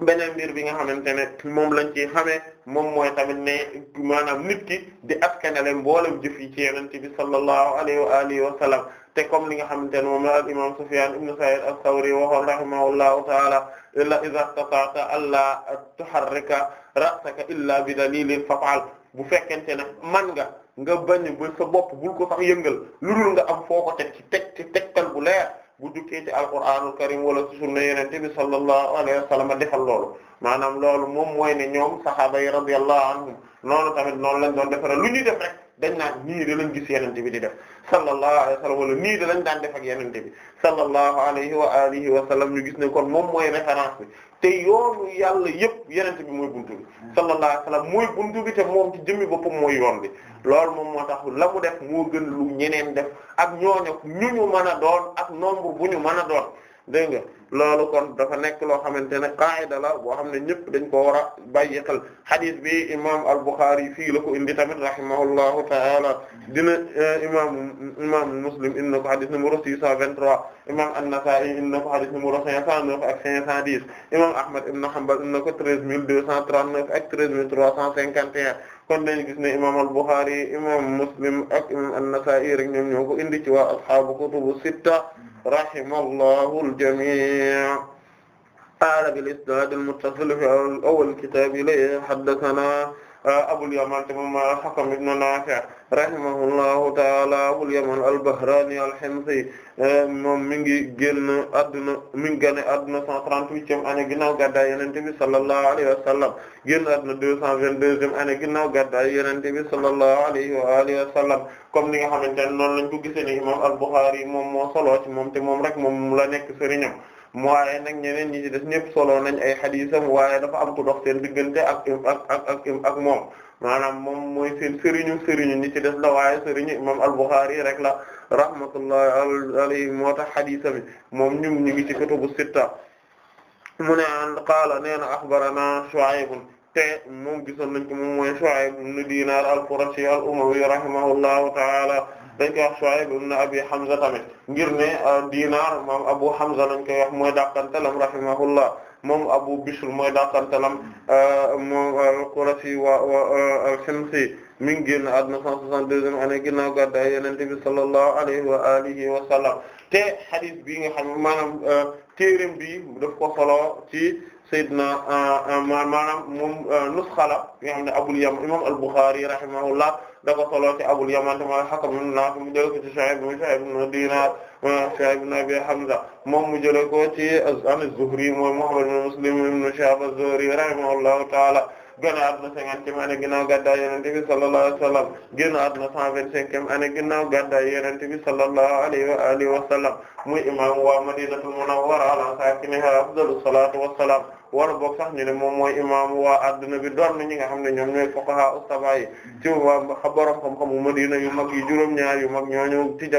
beneen mbir bi nga xamante ne moom lañ ci xamee moom mooy tamit ne maanaam nit ki di askanale mboolem jëf yi ci yonent bi sallallahu alayhi wa alihi wa sallam te comme li nga xamante ne moom la al imam Sufyan ibn Sa'id as-Sawri waxoon rahimahullahu ta'ala illa idha istata'ta alla tuharrika ra'saka illa bi dalilin fa'al bu fekkente ne man nga nga bañ ba sa bopp bul ko sax yëngal lu dul nga am foo ko teg ci teg ci tegtal bu leer bu dukkee ci alquraanul karim wala ci sunna yenente bi sallallahu alayhi wa sallam defal loolu maanaam loolu moom mooy ne ñoom sahaaba yi radiyallahu anhum noonu tamit noonu lañ doon defara lu ñuy def rek dañ naan nii da lañ gis yenente bi di def sallallahu alayhi wa sallam wala nii da lañ daan def ak yenente bi sallallahu alayhi wa alihi wa sallam ñu gis ne kon moom mooy référence bi te yoonu yàlla yëpp yenente bi mooy buntu bi sallallahu alayhi wa sallam mooy bi te moom ci jëmmi boppam mooy yoon bi loolu moom moo tax la mu def moo gën lu ñeneen def ak ñooñu ñu ñu mën a doon ak nombre bu ñu mën a doon dégg nga loolu kon dafa nekk loo xamante ne qaida la boo xam ne ñëpp dañ ko war a bàyyi xel hadith bi imam al-Bukhari fii la ko indi tamit rahimahullahu ta'ala dina eh, imam imam Muslim indi na ko hadith numéro 623 imam an-Nasa'i indi na ko hadith numéro 509 ak 510 imam Ahmad ibn Hanbal indi na ko 13239 ak 13351 kon dañu gis ne imam al-Bukhari imam Muslim ak imam an-Nasa'i rek ñoom ñoo ko indi ci waa ashaabu kutubu sitta rahimallahu al-jamii' qaala bil isnaad al-muttasil fi awwal kitaab ilayhi haddathana Abul Yaman te moom Hakam ibn Nafi' rahimahullahu ta'ala Abul Yaman al-Bahrani al-Himsi moom mi ngi génn adduna mi ngi génn adduna 138e année ginnaaw gàddaay Yonent bi sallallahu alayhi wa sallam génn adduna 222e année ginnaaw gàddaay Yonent bi sallallahu alayhi wa alihi wa sallam comme ni nga xamante ne noonu lañ ko gisee ni imam al-Bukhari moom moo solo ci moom te moom rek moom la nekk sëriñam mu waaye nag ñeneen ñi ci des ñëpp solo nañ ay xadiisam waaye dafa am ku dox seen diggante ak ak ak moom maanaam moom mooy seen sëriñu sëriñu ñi ci des la waaye sëriñu imam al-Bukhari rek la rahmatullahi alayhi moo tax xadiisam moom ñu ñu ngi ci kutubu sitta mu ne an qaala nee na axbarana Shuayb te moom gisoon nañ ko moom mooy Shuayb ibn Dinar al-Qurashi al-Umawi rahimahullahu ta'ala dañ koy wax Shuayb ibn Abi Hamza tamit ngir ne euh, Dinar moom Abu Hamza lañ koy wax mooy dàqantalam rahimahullah moom Abu Bishr mooy dàqantalam euh, moom al-Qurashi euh, wa al-Himsi mi ngi génn àdduna 162e année ginnaaw gàddaay Yonent bi sallallahu alayhi wa alihi wa sallam te hadith bi nga xam maanaam téereem bi daf ko solo ci Seydina maanaam moom nusxa la nga xam ne Abul Yaman imam al-Bukhari rahimahullah da ko solo ci Abul Yaman al Hakam ibn Naafi mu jëlee ko ci Shu'ayb mu Shu'ayb ibn Diinaar mu Shu'ayb ibn Abi Hamza moom mu jëlee ko ci an az-Zuhri mooy Muhammad ibn Muslim ibn Shihab az-Zuhri rahimahullahu ta'ala génn àdduna cinquantième année ginnaaw gàddaay Yonent bi sallallahu alayhi wa sallam génn àdduna cent vingt-cinquième année ginnaaw gàddaay Yonent bi sallallahu alayhi wa alihi wa sallam muy imam wa Madinatul Munawwara ala saakiniha afdalu salaatu wa salaam wala boog sax ñu ne moom mooy imaamu waa bi doon na ñi nga xam ne ñoom ñooy fuqaha ustaba yi ci waa borom xam-xam u Madina yu mag yi juróom-ñaar yu mag ñooñu ci i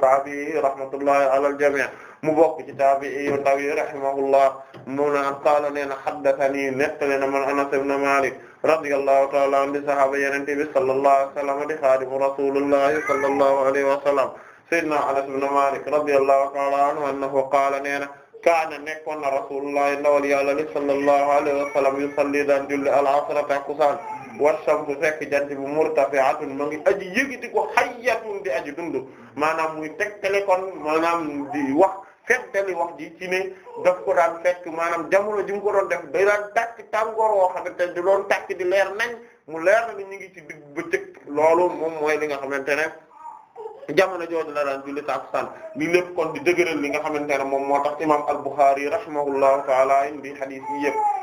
saabi yi rahmatullahi alal jami' mu bokk ci taabi'i yu ndaw yi rahimahullah mu naan qaala nee na haddathanii nettali na man Anas ibn Malik radiyallahu ta'ala anhu di sahaaba Yonent bi sallallahu alayhi wa sallam di xaadimu rasulillahi sallallahu alayhi wa sallam sayyidina Anas ibn Malik radiyallahu ta'ala anhu annahu qaala nee na kaana nekkoon na rasulullah ndawal yàlla li sallallahu alayhi wa sallam yusalli daan julli al-asra takusaan wa shamsu fekk jant bi murtafi'atun ma ngi aji yëgiti ko hayyatun di aji dund maanaam muy tegtale kon maanaam di wax feddali wax ji ci ne daf ko daan fekk maanaam jamono ji mu ko doon def day daan tàkk tàngoor woo xamante ne di doon tàkk di leer nañ mu leer ni ñu ngi ci digg bëccëg loolu moom mooy li nga xamante ne jamono jooju la daan julli takusaan li lépp kon di dëgëral li nga xamante ne moom moo tax imam al-Bukhari rahimahullahu taala indi hadith yi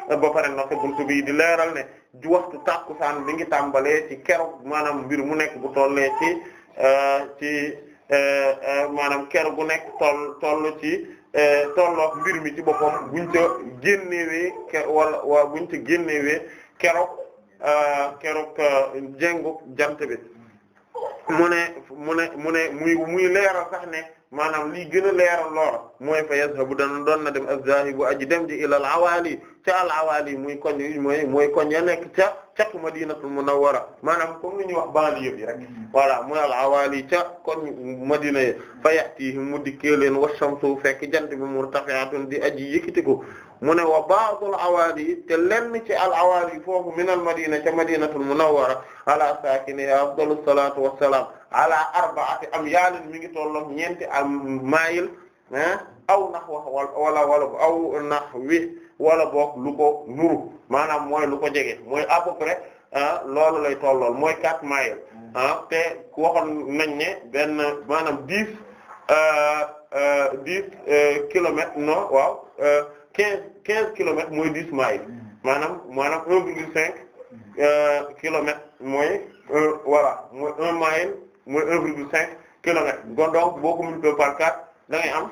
yëpp ba pare noxe buntu bi di leeral ne di waxtu takusaan bi ngi tàmbalee ci keroog maanaam mbir mu nekk bu tollee ci euh, ci euh, euh, maanaam keroog bu nekk toll toll ci tolloog mbir mi ci boppam buñ ca génnewee wala waa buñ ca génnewee keroog keroog jéngu jant bi mu ne mu ne mu ne muy muy leeral sax ne maanaam lii gën a leeral loola mooy fa yazhabu dana doon na dem az-zahibu aji dem ji ilal awaali ca al awaali muy koñ mooy mooy koñ ya nekk ca caq madinatul munawwara maanaam comme ni ñuy wax banlieue bi rek mm-hmm. voilà muy al awaali ca koñ madina yi fa yatihim mu dikkee leen wa shamsu fekk jant mu murtafi'atun di aji yëkkati ko mu ne wa ba'dul awaali te lenn ci al awaali foofu minal madina ca madinatul munawwara ala saakinihaa afdalus salaatu wassalaam ala arba'ati amyaalin mi ngi tollook ñeenti am maayil aw nahwa wala wala aw nahwi wala boog lu nuru maanaam mooy lu ko jege mooy à peu près loolu lay tollool mooy 4 maayil ah te waxoon nañ ne benn maanam 10 10 kilomètres non waaw. Euh, quinze quinze kilomètres mooy dix miles mm. maanaam maanaam un virgule cinq mm. euh, kilomètres mooy euh, voilà mooy un mile mooy un virgule cinq kilomètres kon donc boo ko multiplié par quatre da ngay am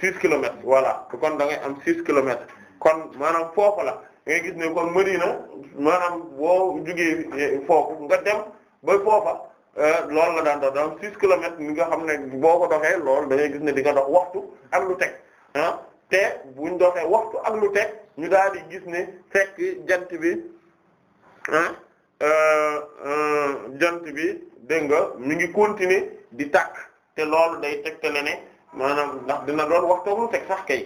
six kilomètres voilà kon da ngay am six kilomètres kon maanaam foofu la ngay gis ne kon Medina maanaam boo jugee eh, foofu nga dem ba foofa euh, loolu la daan dox daan six kilomètres mi nga xam ne boo ko doxee loolu da gis ne di nga dox waxtu am lu teg ah te ñu doxee waxtu ak lu teg ñu daal di gis ne fekk jant bi ah euh, euh, jant bi dégg nga mi ngi continuer di tàkk te lool day tale ne maanaam ndax dina lool waxtu ak lu teg sax kay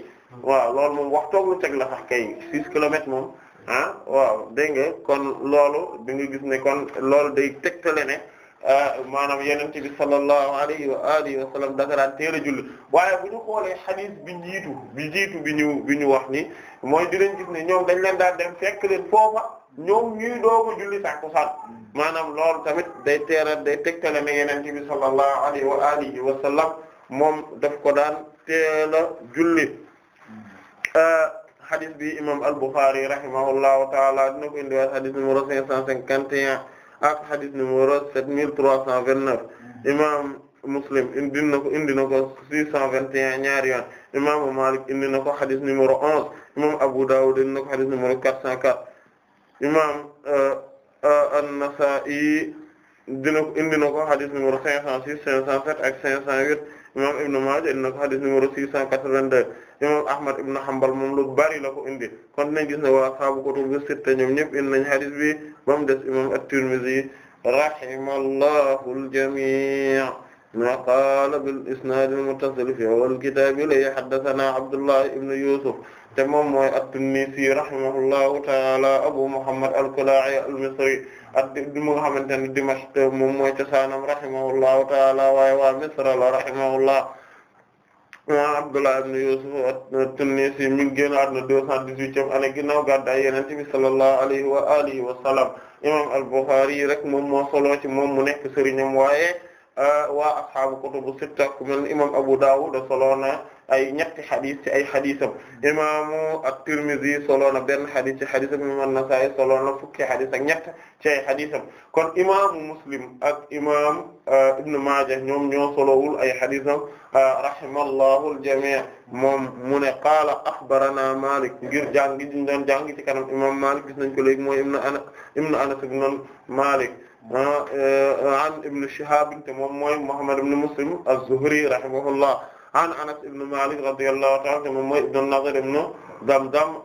waaw loolu moom waxtu ak lu teg la sax kay six kilomètres moom ah waaw dégg nga kon loolu di gis ne kon loolu day tegtale ne. Ah, maanaam yonent bi sallallahu alayhi wa alihi wa sallam dafa daan teel a julli waaye bu ñu xoolee xadiis bi jiitu bi jiitu bi ñu bi ñu wax ni mooy dinañ gis ne ñoom dañ leen daan dem fekk leen foofa ñoom ñuy doog a julli tàkkusaan maanaam loolu tamit day teel a day tegtale ne yonent bi sallallahu alayhi wa alihi wa sallam moom daf ko daan teel a julli ah, xadiis bi imam al-Bukhari rahimahullahu taala dina ko indiwaat xadiis numéro 551. ak hadith numéro 7329 imam Muslim indi na ko indi na ko 621 ñaari yoon imam Malik indi na ko hadith numéro 11 imam Abu Dawud indi na ko hadith cent 404 imam euh, euh, An-Nasa'i dina ko indi na ko hadith numéro 506 507 ak cent 508 imam Ibn Maaja indi na ko xadis numéro 682 imam Ahmad ibn Hanbal moom lu bari la ko indi kon nañ gis ne waa saabu kutubu sitta ñoom ñëpp indi nañ xadis bi ba mu des imam at-Tirmidhi rahimallahu al-jamii' wa qaala bil isnaad al-muttasil fi awwal kitaab li haddathanaa Abdullah ibn Yusuf te moom mooy at-Tinnisi rahimahullahu ta'ala Abu Muhammad al-Kalaa'i al-Misri ak di mu nga xamante ne Dimashq moom mooy cosaanam rahimahullahu taala waaye waa Misra la rahimahullah moom Abdullah ibn Yusuf at-Tinnisi mi ngi génn àdduna deux cent dix-huitième année ginnaaw gàddaay Yonent bi sallallahu alayhi wa alihi wa sallam imam al-Bukhari rek moom moo solo ci moom mu nekk sëriñam waaye euh, waa ashaabu kutubu sitta ku mel imam Abu Dawud solo na ay ñetti xadis ci ay xadisam imaamu at-Tirmidhi solo na benn xadis ci xadisam imaamu an-Nasa'i solo na fukki xadis ak ñett ci ay xadisam kon imaamu Muslim ak imaam uh, Ibn Maaja ñoom ñoo solowul ay xadisam uh, rahimallahu al-jamii' moom mu ne qaala axbarana Malik ngir jàng gi ñu doon jàng ci kanam imaam Malik gis nañ ko léegi mooy ibn Anas ibn Anas ibn Malik uh, an Ibn Shihab te moom mooy Muhammad ibn Muslim az-Zuhri rahimahullah an Anas ibn Malik radiyallahu ta'ala anhu moom mooy ibn Nadr ibn Damdam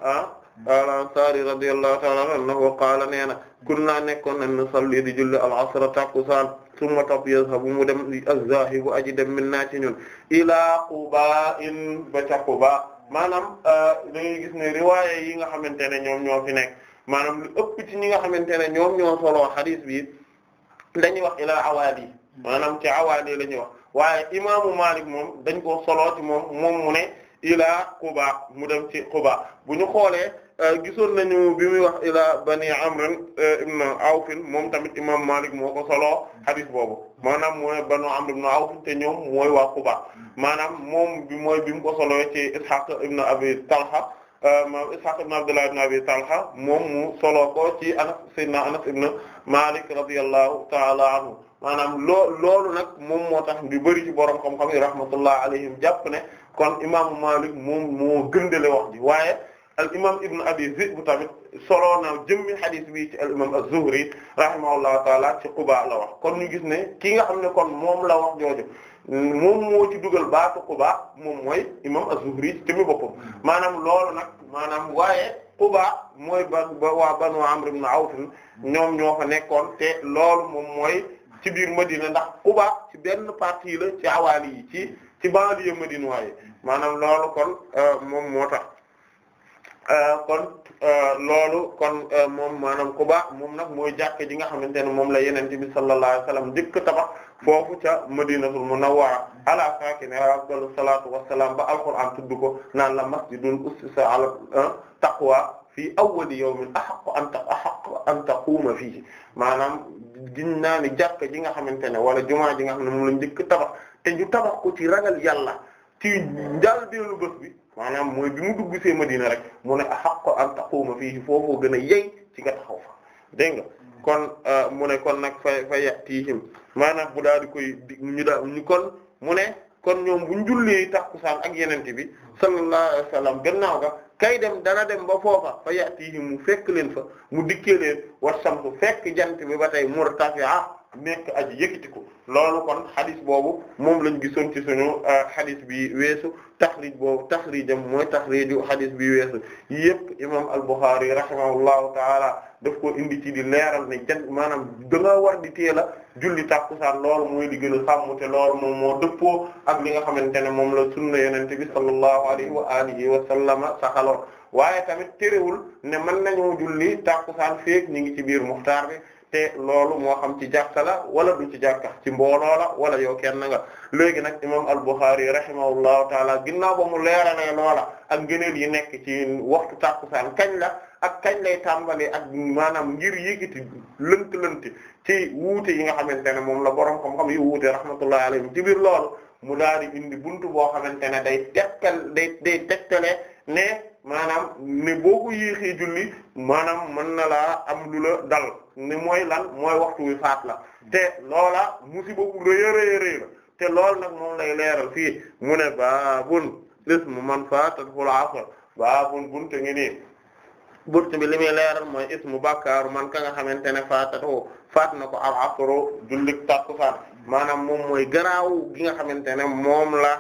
al-Ansari radiyallahu ta'ala anhu qaala nee na kunna nekkoon nañ nusalli di julli al-asr takkusaan summa topp yazhabu mu dem az-zahibu aji dem min naa ci ñun ilaa Quba in ba ca Quba maanaam euh, da ngay gis ne riwaaya yi nga xamante ne ñoom ñoo fi nekk maanaam lu ëpp ci ñi nga xamante ne ñoom ñoo soloo xadiis bi dañuy wax ilaa awaadi maanaam ci awaadi la ñuy wax waaye imaamu Maalik moom dañ ko solo ci moom moom mu ne ilaa Quba mu dem ci Quba bu ñu xoolee euh, gisoon nañu bi muy wax ilaa Bani Amr euh, ibn Awf moom tamit imaamu Maalik moo ko solo hadith boobu maanaam mooy Banu Amr ibn Awf te ñoom mooy waa Quba maanaam moom bi mooy bi mu ko solo ci Ishaq ibn Abi Talha euh, moom Ishaq ibn Abdullah ibn Abi Talha moom mu solo ko ci Anas sayyidina Anas ibn Maalik radiyallahu ta'ala anhu maanaam loo loolu nag moom moo tax ñu bëri ci borom xam-xam yi rahmatullah alayhim jàpp ne kon imaamu Malik moom moo gëndale wax ji waaye al imam Ibn Abi Zi'b tamit solo na jëmmi hadith bi ci al imam az-Zuhri rahimahullahu taala ci Quba la wax kon ñu gis ne ki nga xam ne kon moom la wax jooju moom moo ci dugal baatu Quba moom mooy imam az-Zuhri ci mi boppam maanaam lool nag maanaam waaye. Quba mooy ba waa Banu Amr ibn Awf ñoom ñoo fa nekkoon te loolu moom mooy ci biir Madina ndax Quba ci benn parti la ci awaali yi ci ci banlieue Madina waaye maanaam loolu kon euh, moom moo tax euh, kon euh, loolu kon moom maanaam Quba moom nag mooy jàkke ji nga xamante ne moom la Yonent bi sallallahu alayhi wasallam njëkk tabax foofu ca Madinatul Munawwara ala saakinihaa afdalu salaatu wassalaam ba Alxuraan tudd ko naan la masjidun ussisa ala taqwa fii awwali yawmin ahaq an ta ahaq an taquuma fii maanaam gin naa ni jàkk ji nga xamante ne wala jumaa ji nga xam ne moom la njëkk tabax te ñu tabax ko ci ragal yàlla ci njàlbéenu bés bi maanaam mooy bi mu dugg see Madina rek mu ne ahaq an taquuma fii foofoo gën a yey ci nga taxaw fa dégg nga kon euh, mu ne kon nag fa fa yatihim maanaam bu daal di koy ñu daal mu ne kon ñoom buñ jullee takkusaan ak yenente bi sallallahu alayhi wasallam gannaaw ga kay dem dana dem ba foofa fa yatihi mu fekk leen fa mu dikkee leen wa samsu fekk jant bi ba tey murtafi'a nekk aji yëkkatiku loolu kon xadis boobu moom lañ gisoon ci suñu euh, xadis bi weesu taxrij boobu taxrijam mooy taxriju xadis bi weesu yëpp imam al-Bukhari rahimahullahu taala def ko indi ci di leeral ne jant maanaam da nga war di teel a julli tàkkusaan loolu mooy di gën a sàmm te loolu moom moo dëppoo ak li nga xamante ne moom la sunna yenente bi sallallahu alayhi wa alihi wa sallama saxaloon waaye tamit terewul ne mën nañoo julli tàkkusaan feek ñu ngi ci biir muxtaar bi te loolu moo xam ci jàkka la wala du ci jàkka ci mbooloo la wala yow kenn nga léegi nag imam al-Bukhari rahimahullahu taala ginnaaw ba mu leeralee loola ak ngëneel yi nekk ci waxtu tàkkusaan kañ la ak kañ lay tàmbali ak maanaam ngir yëkkati lënt-lënt ci wuute yi nga xamante ne moom la borom xam-xam yi wuute rahmatullahi alayhim ci biir loolu mu daal di indi buntu boo xamante ne day tegtal day day tegtale ne maanaam ne boo ko yéexee julli maanaam mën na laa am lu la dal. ne mooy lan mooy waxtu wi faat la te loola musiba bu rëy te lool nag moom lay leeral fii mu ne baabun ismu man faatatul asr baabun buntu ngi nii buntu bi li muy leeral mooy ismu bakkaaru man ka nga xamante ne faatatu faat na ko al asru jullik takkusaan maanaam moom mooy garaaw gi nga xamante ne moom la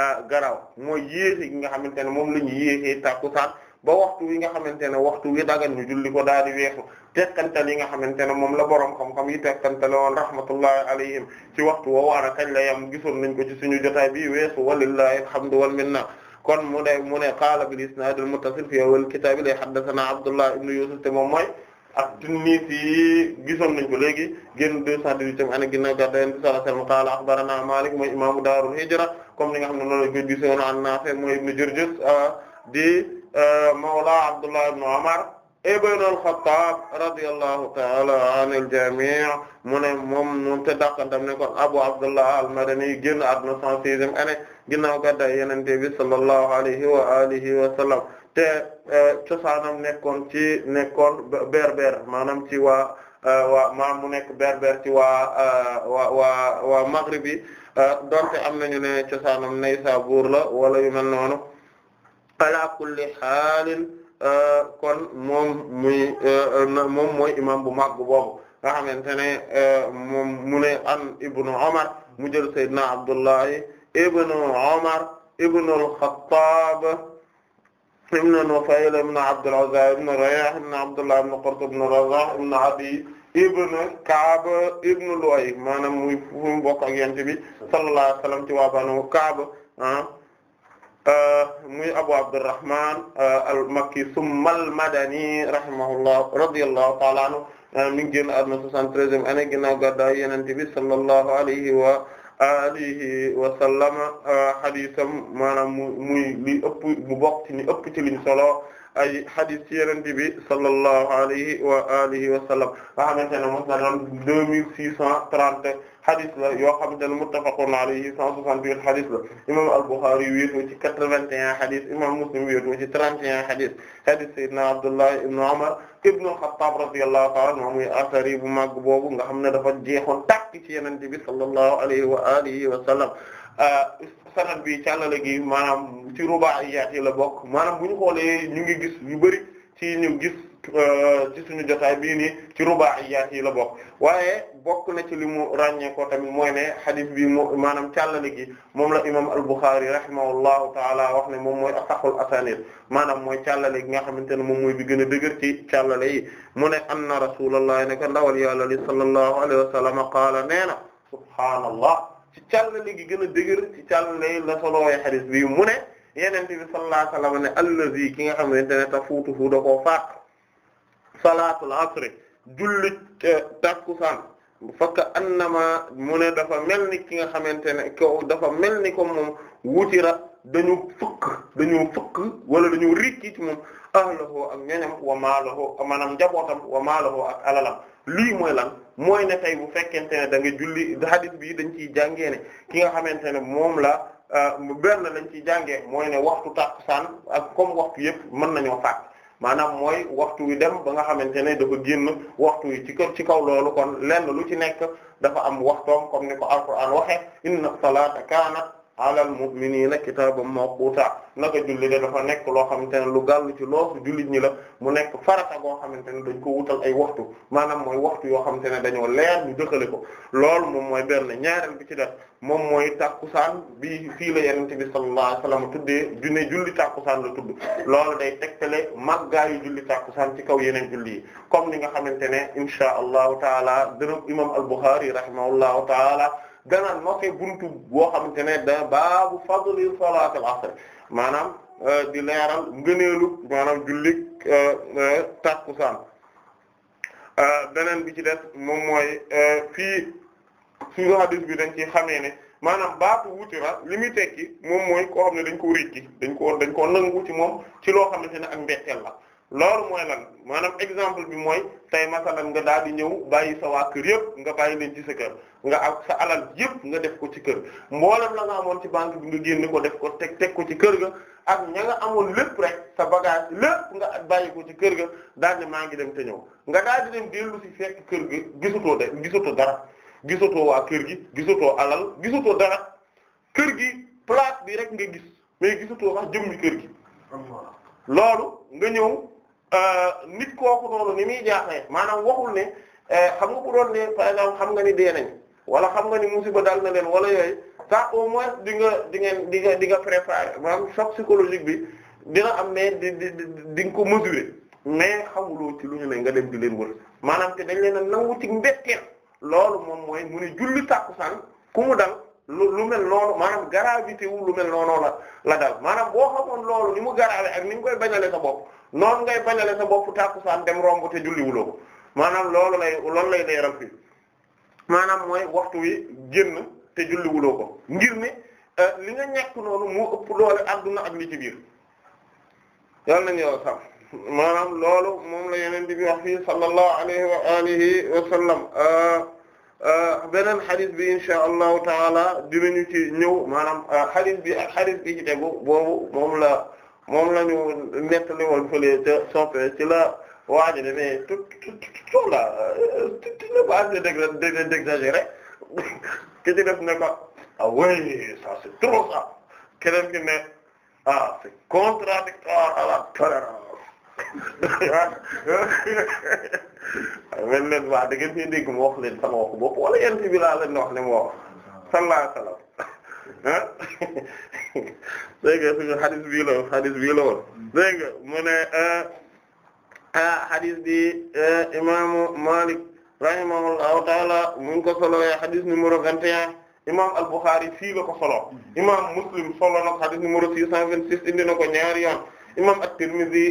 ah, garaaw mooy yéexi gi nga xamante ne moom la ñu yéexee takkusaan ba waxtu wi nga xamante ne waxtu wi dagan ñu julli ko daal di weesu tekkantal yi nga xamante ne moom la borom xam-xam yi tekkantale woon rahmatullahi alayhim ci waxtu woowu ana kañ la yam gisoon nañ ko ci suñu jotaay bi weesu walillahi alhamdu wal minna kon mu ne mu ne qaala bil isnaad al muttasil fi awwal kitaab li haddathana Abdullah ibn Yusuf te moom mooy at-Tinnisi gisoon nañ ko léegi génn deux cent dix-huitième année ginnaaw gàddaay Yonent bi sallallahu alayhi wa sallam qaala akhbarana Maalik mooy imaamu daarul comme ni nga xam ne noonu la ko gisoon an Naafi' mawla Abdullah ibn Umar ibn al-Khattab radiyallahu ta'ala anil jami' mu ne moom moom te dàqantam ne kon Abu Abdullah al-Madani génn àdduna cent sixième année ginnaaw gàddaay Yonent bi sallallahu alayhi wa alihi wa sallam te eh, cosaanam nekkoon ci nekkoon berber maanaam ci waa eh, waa maam mu nekk berber ci waa eh, waa waa waa Maghrib yi donte am nañu ne cosaanam Naysabur la wala yu mel noonu ala kulli xaalin euh, kon moom muy euh, moom mooy imam bu mag boobu nga xamante ne euh, moom mu ne an ibnu Umar mu jël sayyidina Abdullahi ibnu Umar ibnu al-Khattab ibn Nufayl ibn Abdul Uzza ibn Riyah ibn Abdullah ibn Qurt ibn Razah ibn Adiy ibn Kaab ibn Lu'ay maanaam muy fu mu bokk ak yonent bi sallallahu alayhi wa sallam ci waa Banu Kaab ah Euh, muy Abu Abdurrahman euh, al-Makki summa al-Madani rahimahullah radiyallahu ta'ala anhu mi ngi génn àdduna 73e année ginnaaw gàddaay Yonent bi sallallahu alayhi wa alihi wa sallam euh, hadisam maanaam muy li ëpp mu bokk ci ni ëpp ci liñ solo ay hadis ci Yonent bi sallallahu alayhi wa alihi wa sallam nga xamante ne mos na doon 2630 xadis la yoo xamante ne muttafaqun alayhi cent soixante-huit xadis la imam al-Bukhari wéet na ci quatre-vingt-un i imam Muslim wéet na ci trente et un xadis xadis sayyidina Abdullah ibn Umar ibn al-Khattab radiyallahu bu màgg boobu nga xam ne dafa jeexoon tàkk ci yenente bi sallallahu alayhi wa alihi wa sallam euh, sanad bi càllale gi maanaam ci rubaa'iyaat yi la bokk maanaam bu ñu ñu ngi gis yu bëri ci ñu Euh, ci suñu jotaay bii nii ci rubaa'iyaat yi la bokk waaye bokk na ci li mu ràññee ko tamit mooy ne hadith bi mu maanaam càllale gi moom la imam al-Bukhari rahimahullahu taala wax ne moom mooy asahul asanid maanaam mooy càllale gi nga xamante ne bi gën a dëgër ci càllale yi mu ne anna rasulullah ne ko ndawal yàlla li sallallahu alayhi wa sallam qaala nee na subhaanallah ci càllale gi gën a dëgër ci càllale yi la solooy hadith bi mu ne yenente bi sallallahu alayhi wa sallam ne allazi ki nga xamante ne tafuutuhu da koo salaatul asri julli takkusaan fakka annama mu ne dafa mel ni ki nga xamante ne ko dafa mel ni ko moom wutira dañu fëkk dañu fëkk wala dañu rikki ci moom ahlahu ak ñoñam wa maalahu maanaam njabootam wa maalahu ak alalam lii mooy lan mooy ne tey bu fekkente ne da nga julli hadith bi dañ ciy jàngee ne ki nga xamante ne moom la ah, benn lañ ciy jàngee mooy ne waxtu takkusaan ak comme waxtu yëpp mën nañoo fàq maanaam mooy waxtu wi dem ba nga xamante ne dafa génn waxtu wi ci kaw ci kaw loolu kon lenn lu ci nekk dafa am waxtoom comme ni ko alquran waxe inna salata kaanat alal mu'minina kitaaban mawquta naka julli de dafa nekk loo xamante ne lu gàll ci loosu jullit ñi la mu nekk farata goo xamante ne dañ ko wutal ay waxtu maanaam mooy waxtu yoo xamante ne dañoo leer ñu dëkkale ko lool moom mooy benn ñaareel bi ci def moom mooy tàkkusaan bi fii la yenente bi sallallahu alayhi wasallam tuddee dune julli tàkkusaan la tudd loolu day tegtale màggaayu julli tàkkusaan ci kaw yeneen julli yi comme ni nga xamante ne inshaa allahu taala dërëm imam al-Bukhari rahimahullahu taala danaan nokkee buntu boo xamante ne da baabu fadli salaatul asr maanaam euh, di leeral ngëneelu maanaam jullik euh, euh, takkusaan beneen bi ci des moom mooy fii suñu hadith bi dañ ci xamee ne maanaam baatu wutira li muy tekki moom mooy koo xam ne dañ ko rëcc dañ ko dañ ko nangu ci moom ci loo xamante ne ak mbetteel la loolu mooy lan maanaam exemple bi mooy tey masalan nga daal di ñëw bàyyi sa waa kër yëpp nga bàyyi leen ci sa kër nga ak sa alal yëpp nga def ko ci kër mboolem la nga amoon ci banque bi nga génne ko def ko teg teg ko ci kër ga ak ña amoon lépp sa bagage lépp nga bàyyi ko ci kër ga daal maa ngi dem te ñëw nga daal di dem dellu ci fekk kër ga gisutoo de gisutoo dara gisutoo waa kër gi gisutoo alal gisutoo dara kër gi place bi rek nga gis mais gisutoo wax jëmmi kër gi loolu nga ñëw. Euh, nit kooku noonu ni muy jaaxee maanaam waxul ne euh, xam nga ku doon ne par exemple xam nga ni dee nañ wala xam nga ni musiba dal na leen wala yooyu ça au moins di nga di ngeen di nga di nga préparer maanaam choc psychologique bi dina am ne di di di nga ko mesurer mais xamuloo ci lu ñu ne nga dem di leen wër maanaam te dañ leen a nangu ci mbetteel loolu moom mooy mu ne julli tàkkusaan ku mu dal lu lu mel noonu maanaam gravité wu lu mel noonu la la dal maanaam boo xamoon loolu ni mu garaawee ak ni mu koy bañale sa bopp noon ngay bañale sa bopp tàkkusaan dem romb te julliwuloo ko maanaam loolu lay loolu lay leeral fii maanaam mooy waxtu wi génn te julliwuloo ko ngir ne euh, li nga ñàkk noonu mu ëpp doole adduna ak li ci biir yàlla nañu yow maanaam loolu moom la yeneen di bi wax fii sallallahu alayhi wa alihi wa euh, euh, beneen xadis bi insha allahu taala dinañu ci ñëw maanaam xadis bi ak bi ci boobu moom la moom la nettali woon fële ci la waaji ne mais tout tout là tu ne pas d'exagérer ki ci def ne ko ah oui ça c'est trop ça keneen ki ne ah c'est contradictoire à la tolérance men leen waa da ngeen fi dégg mu wax leen sama ah dégg nga suñu xadis bii la xadis bii la woon dégg nga mu ne euh, ah, xadis bi euh, imaamu Malik rahimahullahu taala mu ngi ko solo ya xadis numéro 21 imaam al-Bukhari fii la ko solo imaam Muslim solo na xadis numéro 626 indi na ko ñaari yoon imaam at-Tirmidhi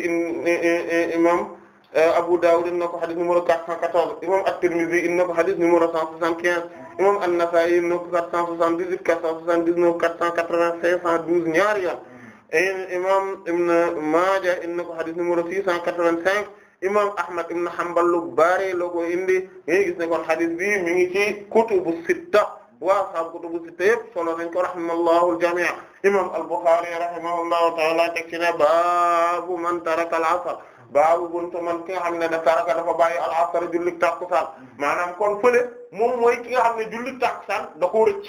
imaam. Euh, Abu Dawud inna ko xadis numéro 414 imam At-Tirmidhi inna ko xadis numéro 175 imam An-Nasa'i inna ko 478 479 480 512 ñaari yoon imam Ibn Maaja inna ko xadis numéro 685 imam Ahmad ibn Hanbal lu bari la ko indi ngi gis ne kon xadis bi mi ngi ci kutubu sitta waa sahabu kutubu sitta yëpp solo nañ ko rahimallahu al-jami' imam Al-Bukhari rahimahullahu ta'ala teg ci ne baabu man taraka al-asr baabu buntu man ki nga xam ne taraka dafa bàyyi al-asr jullit takkusaan maanaam kon fële moom mooy ki nga xam ne jullit takkusaan da koo rëcc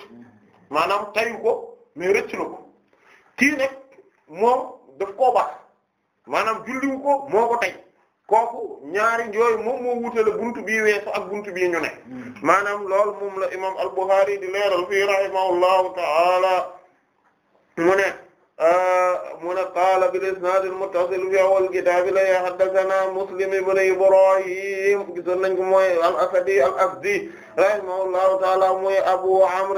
maanaam tari ko mais rëcc na ko kii nag moom daf koo baax maanaam julliwu ko moo ko tey kooku ñaari jooy moom moo wutale buntu bii weesu ak buntu bii ñu ne maanaam lool moom la imam al-Bukhari di leeral fii rahimahullahu ta'ala mu ne mu ne qaala bil isnaadil muttasil fi awwal kitaabi la haddasanaa Muslim ibn Ibraahiim gisoon nañ ko mooy al-Asadi al-Azdi rahimahullahu ta'aala mooy Abu Amr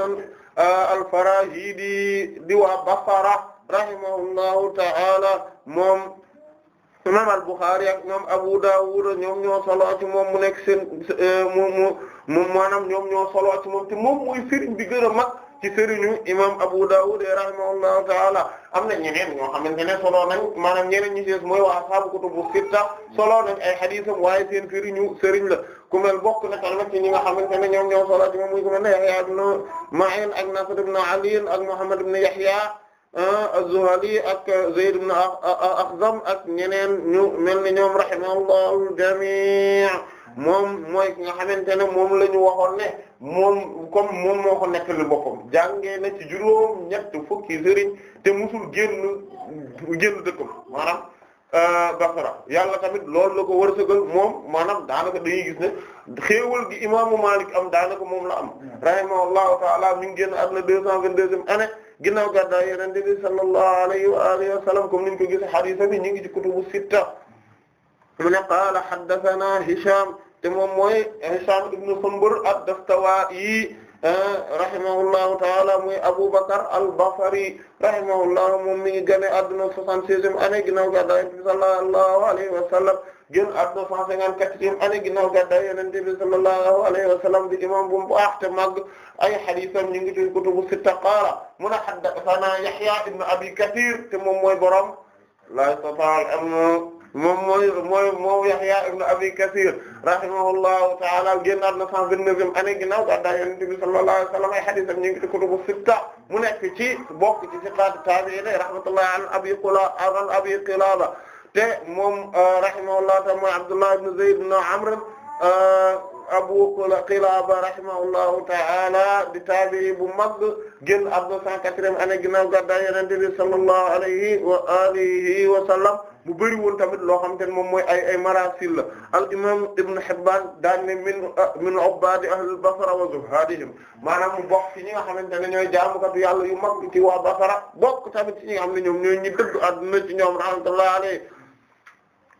al-Farahidi di waa Basra rahimahullahu ta'aala moom imaam al-Bukhari ak imaam Abu Dawud ñoom ñoo solo ci moom mu nekk bi gën a mag. ci sëriñu imam Abu Dawud rahimahullahu ta'ala am na ñeneen ñoo xamante ne solo nañ maanaam ñeneen ñi ci mooy waa ashaabu kutubu sitta solo nañ ay xadiisam waaye seen sëriñu sëriñ la ku mel bokk na tamit ci ñi nga xamante ne ñoom ñoo solo ci moom ku mel ne Yahya Ma'in ak Nasr ibn Ali ak Muhammad ibn Yahya ah, az ak Zayd ibn Akhzam ak ñeneen ñu mel ñoom rahimahullahu jami' moom mooy ki nga xamante ne moom la ñu waxoon ne moom comme moom moo ko nettali boppam jàngee na ci juróom ñett fukki sëriñ te musul génn génn dëkkam maanaam euh, Basra yàlla tamit loolu la ko wërsëgal moom maanaam daanaka dañuy gis ne xéewal gi imaamu Maalik am daanaka moom la am hmm. rahimahullahu ta'ala mi ngi génn àdduna deux cent vingt-deuxième année ginnaaw gàddaay Yonent bi sallallahu alayhi wa alihi wa sallam comme niñ ko gis hadiis bi ñu ngi ci kutubu sitta mu ne qaala haddathana Hisham te moom mooy Hisham ibn Sumbur ad-Dastuwaa'i rahimahullahu taala muy Abubakar al-Basri rahimahullahu moom mi ngi génn àdduna 76e année ginnaaw gàddaay Yonent bi sallallahu alayhi wa sallam génn àdduna 154e année ginnaaw gàddaay Yonent bi sallallahu alayhi wa sallam di imam bu baax te màgg ay hadiisam ñu ngi ci kutubu sitta qaala mun haddathana Yahya ibn Abi Kathir te moom mooy borom la moom mooy mooy moom Yahya ibn Abi Kathir rahimahullahu ta'ala génnaat na cent vingt-neuvième année ginnaaw gàddaay Yonent bi sallallahu alayhi wa sallam ay hadiisam ñu ngi ci kutubu sitta mu nekk ci bokk ci siqaat taabi'iin rahmatullahi an Abi Qilaba an Abi Qilaba te moom rahimahullahu ta'ala mooy Abdullah ibn Zayd ibn Amr Abu Qilaaba rahimahullahu ta'ala di taabi'i bu mag génn àdduna 180 année ginnaaw gàddaay Yonent bi sallallahu alayhi wa alihi mu bëri woon tamit loo xamante ne moom mooy ay ay marasil la al imam Ibn Hibbaan daan ne min min ubbaadi ahli Basra wa zuhaadihim maanaam mu bokk ci ñi nga xamante ne ñooy jaamukatu yàlla yu mag ci waa Basra bokk tamit ci ñi nga xam ne ñoom ñooy ñi dëgg àdduna ci ñoom rahmatullahi alayhi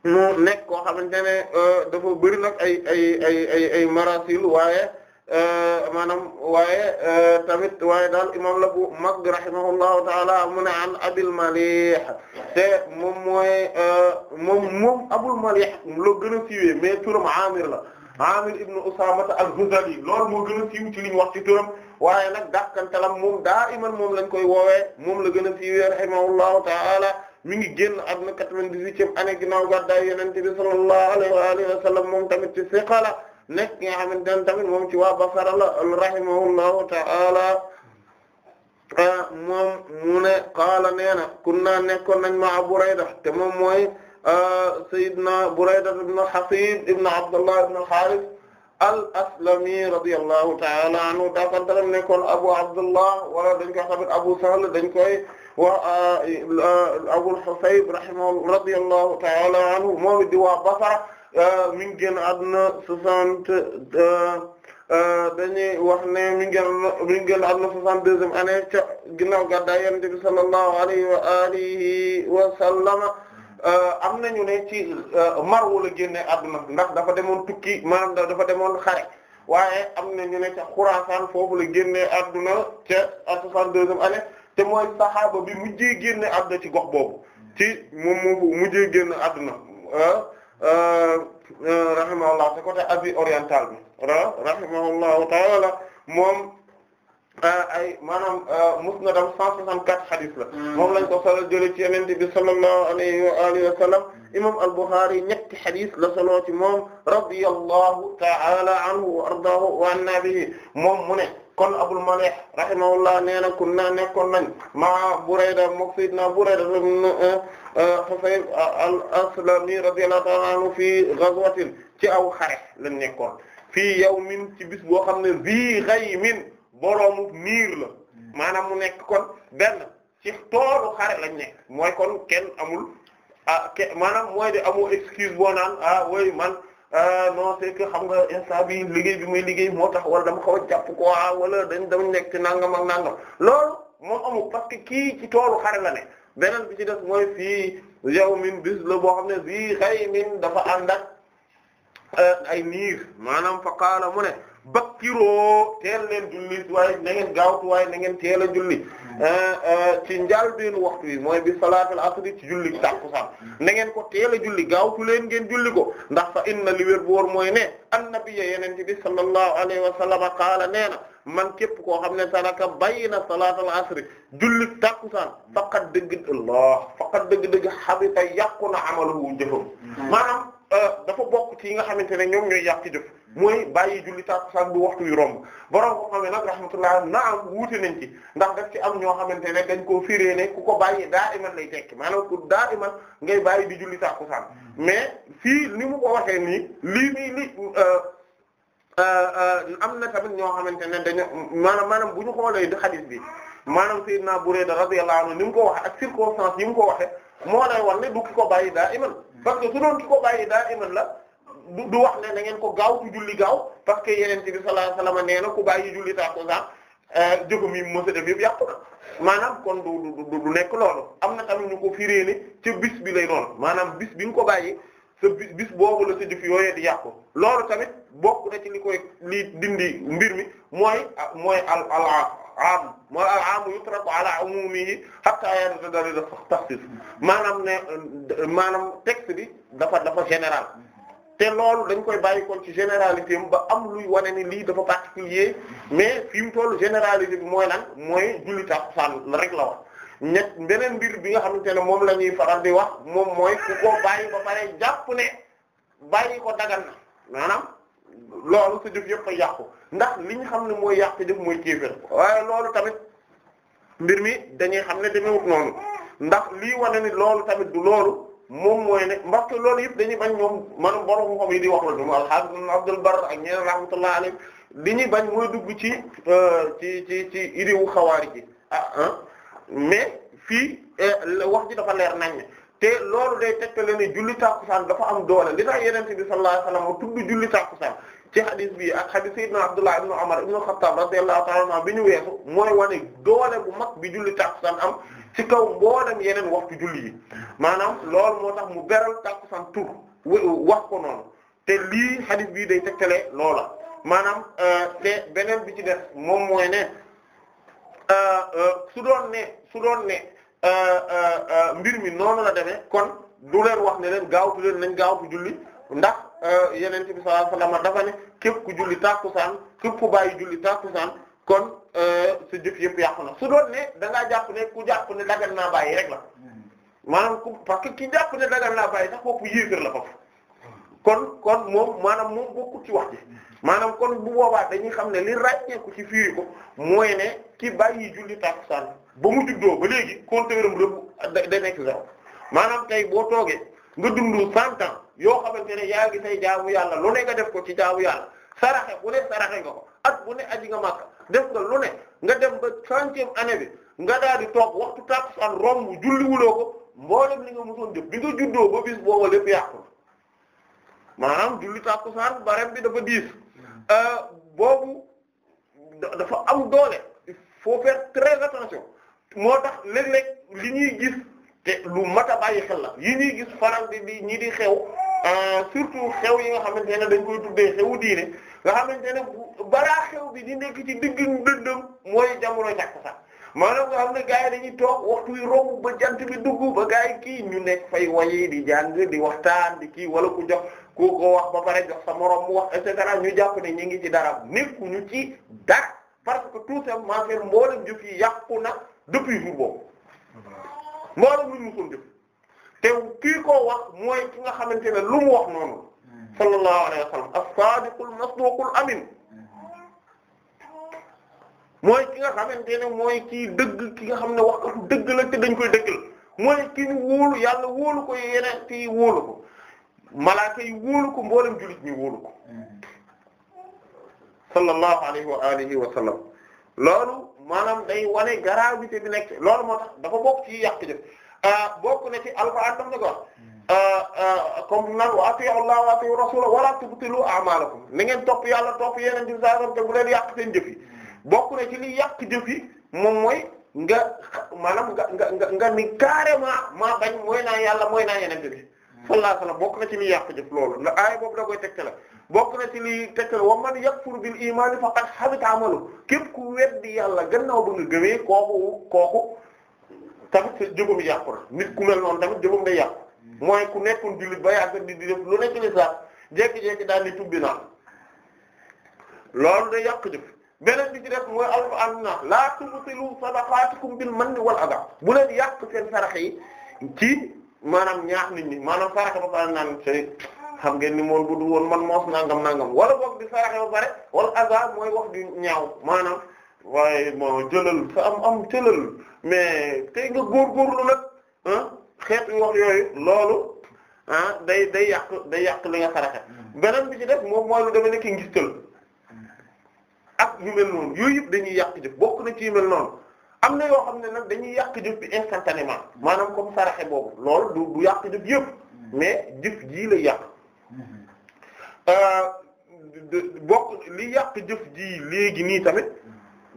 mu nekk koo xamante ne euh, dafa bëri nag ay ay ay ay ay marasil waaye euh, maanaam waaye euh, tamit waaye daal imam la bu mag rahimahullahu taala mu ne an abil malih te moom mooy moom moom abul malih loo gën a siiwee mais turam amir la amir ibnu usamata al-Huzali loolu moo gën a siiw ci li ñu wax ci turam waaye nag dàqantalam moom daa iman moom lañ koy woowee moom la gën a siiwee rahimahullahu taala mi ngi génn àdduna quatre-vingt-dix-huitième année ginnaaw gàddaay yonent moom tamit ci siqa la nekk nga xamante ne moom ci waa Basra la rahimahullahu ta'ala ah, moom mu ne qaala nee na kunna nekkoon nañ ma Burayda te moom mooy ah, Sayyidna Burayda ibn Hasib ibn Abdullah ibn al-Harith al-Aslami radiyallahu ta'ala anhu dafantaram nekkoon Abu Abdullah wala dañ koy xamit Abu Sahl dañ koy wa Abul Husayb rahimahu radiyallahu ta'ala anhu moom di waa Basra mi ngi génn àdduna soixante dañuy wax ne mi ngi génn mi ngi génn àdduna soixante-deuxième année ca ginnaaw gàddaay Yonent bi sallallahu alayhi wa alihi wa sallama ne ci mar la génne àdduna ndax dafa demoon tukki maanaam dafa demoon xare waaye am nañu ne ca Xuraasaan foofu la génne àdduna a soixante-deuxième année te mooy saxaaba bi mujjee génne àdduna ci gox boobu ci moom mu mujjee génne àdduna ah, ah, rahimahullah te côté Asie orientale bi ah, rahimahullahu taala moom ay maanaam musnadam 164 hadith la. Hmm. moom lañ ko solo jëlee ci yonent bi sallallahu alayhi wa alihi wa sallam imam al-Bukhari ñetti hadith la solo ci moom radiyallahu taala anhu wa ardaahu wa anna bihi moom mu ne. kon Abul Malih rahimahullah nee na kunna nekkoon nañ ma Burayda mook sayyidina Burayda ibn eh, eh, Husayb al-Aslami radiyallahu ta'ala anhu fi ghazwatin ci aw xare la nekkoon fii yawmin ci bis boo xam ne bii ghaymin boroomu niir la maanaam mu nekk kon ben ci toolu xare lañ nekk mooy kon kenn amul ah maanaam mooy de amul excuse boo naan ah, way man Euh, non c'est que xam nga instant bi liggéey bi muy liggéey moo tax wala dama xaw a jàpp ko waa wala dañ dama nekk nangam ak nanga loolu moo amul parce que kii ci toolu xare la ne beneen bi ci def mooy fii yow min bis la boo xam ne fii xëy min dafa ànd ak euh, ay niir maanaam fa qaala mu ne bakkiroo teel leen julli waaye na ngeen gaawtu waaye na ngeen teel a julli hmm. eh, eh, ci njàlbéenu waxtu wi mooy bi salaatul asri ci julli tàkkusaan hmm. na ngeen ko teel a julli gaawtu leen ngeen julli ko ndax fa inna li wér bu wóor mooy ne annabiyya yeneen ci bi sallallahu alayhi wa sallam qaala nee na man képp koo xam ne taraka bayna salaatul asri julli tàkkusaan faqat dëgg Allah faqat dëgg-dëgg habita yàqu na amaluhu jëfam hmm. maanaam Euh, dafa bokk ci yi nga xamante ne ñoom ñooy yàq jëf mooy bàyyi julli tàkkusaan bu waxtu yu romb borom ko xamee nag rahmatullah na am wuute nañ ci ndax daf ci am ñoo xamante ne dañ koo firée ne ku ko bàyyi daa iman lay tekki maanaam ku daa iman ngay bàyyi di julli tàkkusaan mais fii ni mu ko waxee nii lii nii li euh, euh, am na tamit ñoo xamante ne dañu maanaam maanaam bu ñu xoolee di xadiis bi maanaam na Burayda radiyallahu anhu ni mu ko waxe ak circonstance yi mu ko waxe moo lay wan ne du ki ko bàyyi daa iman parce que su doon ki ko bàyyi daa iman la du du wax ne na ngeen ko gaaw ci julli gaaw parce que yeneen bi sallallahu alayhi wasallam na ku bàyyi julli tàkkusaan euh, jëfam yi mos a def yëpp yàqu na maanaam kon du du du nekk loolu am na tamit ñu ko firée ni ca bis bi lay noonu maanaam bis bi nga ko bàyyi sa bis bis boobu la sa jëf yooyee di yàqu loolu tamit bokk na ci li koy li dindi mbir mi mooy mooy al al am mooy al am yutraku ala umumihi hatta yatadari dafa taxsis maanaam ne maanaam texte dafa dafa général te loolu dañ koy bàyyi ci généralité ba am luy wane ni lii dafa particulier mais fi mu toll généralité bi mooy lan mooy julli tàkkusaan rek la wax ñett beneen mbir bi nga xamante ne moom lañuy ñuy faral di wax moom mooy ku ko bàyyi ba pare jàpp ne bàyyi ko dagan loolu sa jëf yëpp a yàqu ndax li ñu xam ne mooy yàq sa jëf mooy kéefër waaye loolu tamit mbir mi dañuy xam ne demewut noonu ndax lii wane ni loolu tamit du loolu moom mooy ne parce que loolu yëpp dañuy bañ ñoom man borom xam yi di wax la ñoom al-Hafiz Abdul Barr ak ñeneen rahmatullah alayhi li ñuy bañ mooy dugg ci euh, ci ci ci idée wu xawaari ji ah ah mais fii euh, wax ji dafa leer nañ te loolu day tegtale ne julli tàkkusaan dafa am doole li tax yenente bi sallallahu alayhi wasallam tudd julli tàkkusaan ci hadith bi ak hadith sayyidina Abdullah ibn Umar ibn Khattab radiyallahu ta'ala bi ñu weesu mooy wane doole bu mag bi julli tàkkusaan am ci kaw mboolem yeneen waxtu julli yi maanaam lool moo tax mu beral tàkkusaan tur wax ko noonu te lii hadith bii day tegtale loola maanaam euh, te beneen bi ci def moom mooy ne euh, euh, su doon ne su ne Euh, euh, euh, mbir mi noonu la demee kon du leen wax ne leen gaawtu leen nañ gaawtu julli ndax yeneen bi sallallahu alayhi ma dafa ne képp ku julli tàkkusaan képp ku bàyyi julli tàkkusaan kon si jëf yëpp yàqu na su doon ne da ngaa jàpp ne ku jàpp ne dagal naa bàyyi rek la maanaam ku parce que ki jàpp ne dagal naa bàyyi sax kooku yéefér la foofu kon kon moom maanaam moom bokkut ci wax ji maanaam kon bu boobaa dañuy xam ne li ràññeeku ci fiiri ko mooy ne ki bàyyi julli tàkkusaan ba mu juddoo ba léegi compteuram rëbb da nekk zéro maanaam tey boo toogee nga dund cent ans yoo xamante ne yaa ngi say jaamu yàlla lu ne nga def ko ci jaamu yàlla saraxe bu ne saraxe nga ko at bu ne aji nga màkk def nga lu ne nga dem ba centième année bi nga daal di toog waxtu takusaan romb julliwuloo ko mboolem ni nga mësoon def bi nga juddoo ba bis booba lépp yàqu maanaam julli takusaan barem bi dafa diis euh, boobu dafa am doole il faut faire moo tax léeg-léeg li ñuy gis te lu mat a bàyyi xel la yi ñuy gis faral di di ñi di xew euh, surtout xew yi nga xamante ne dañ koy tuddee xewu diine nga xamante ne balaa xew bi di nekk ci digg dëndëm mooy jamono jàkk sax maanaam nga xam ne dañuy toog waxtu wi romb ba jant bi dugg ba gars kii ñu nekk fay wayi di jàng di waxtaan di kii wala ku jox ku ko wax ba pare jox sa moroom mu wax et cetera ñu jàpp ne ñu ngi ci dara nekkuñu ci dara parce que tout simpement seen mboolem jëf yi yàqu na depuis jour boobu mboolem lu musoon def te kii ko wax mooy ki nga xamante ne lu mu wax noonu mm-hmm. sallallahu alayhi wa sallam as-sadiqul masduqul amin mm-hmm. mooy ki nga xamante ne mooy kii dëgg ki nga xam ne wax ko dëgg la te dañ koy dëggal mooy ki ñu wóolu yàlla wóolu ko yeneen kii wóolu ko malaaka yi wóolu ko mboolem jullit ñi wóolu ko mm-hmm. sallallahu alayhi wa alihi wa maanaam day wane gravité bi nekk loolu moo tax dafa bokk ci yàq jëf euh, bokk na ci alquran daf na ko wax hmm. euh, euh, comme naan wa atiyu Allah wa atiyu rasula wala tubtilu a'malakum na ngeen topp yàlla topp yeneen di saasam te bu leen yàq seen jëf yi hmm. bokk na ci li yàq jëf moom mooy nga maanaam nga nga nga nga ni carrément maa bañ mooy naa yàlla mooy naa yeneen bi hmm. sallallahu alayhi wasallam bokk na ci li yàq jëf loolu na aaya boobu da koy tegte la bokk na ci li tegtal wa man yakfur bil imaani faqad habita amalu képp ku weddi yàlla gannaaw ba nga gëmee kooku kooku tamit sa jëfam yàqu nit ku mel noonu tamit jëfam day yàqu mooy ku nekkoon jullit ba yàgg di di def lu nekk li sax jékki-jékki daal di tubbi naa loolu day yàq jëf beneen bi ci def mooy alquran na laa tubtilu sadaqaatikum bil manni wal adha bu leen yàq seen sarax yi ci maanaam ñaax nit ñi maanaam sarax ba pare naan xam ngeen ni moom bu du woon man moos nangam nangam wala boog di saraxe ba pare wala azar mooy wax di ñaaw maanaam waaye moo jëlal sa am am jëlal mais tey nga góorgóorlu nag ah xeetu wax yooyu loolu ah day day yàq day yàq li nga hmm. beneen bi ci def moom mooy lu demee ne ki ngistal ak yu mel noonu yooyu yëpp dañuy yàq jëf bokk na ci yu noonu am na yoo xam ne nag dañuy yàq jëf bi instantanément maanaam comme saraxe boobu loolu du du yàq jëf yëpp hmm. mais jëf jii lay yàq Euh, bokk li yàq jëf ji léegi nii tamit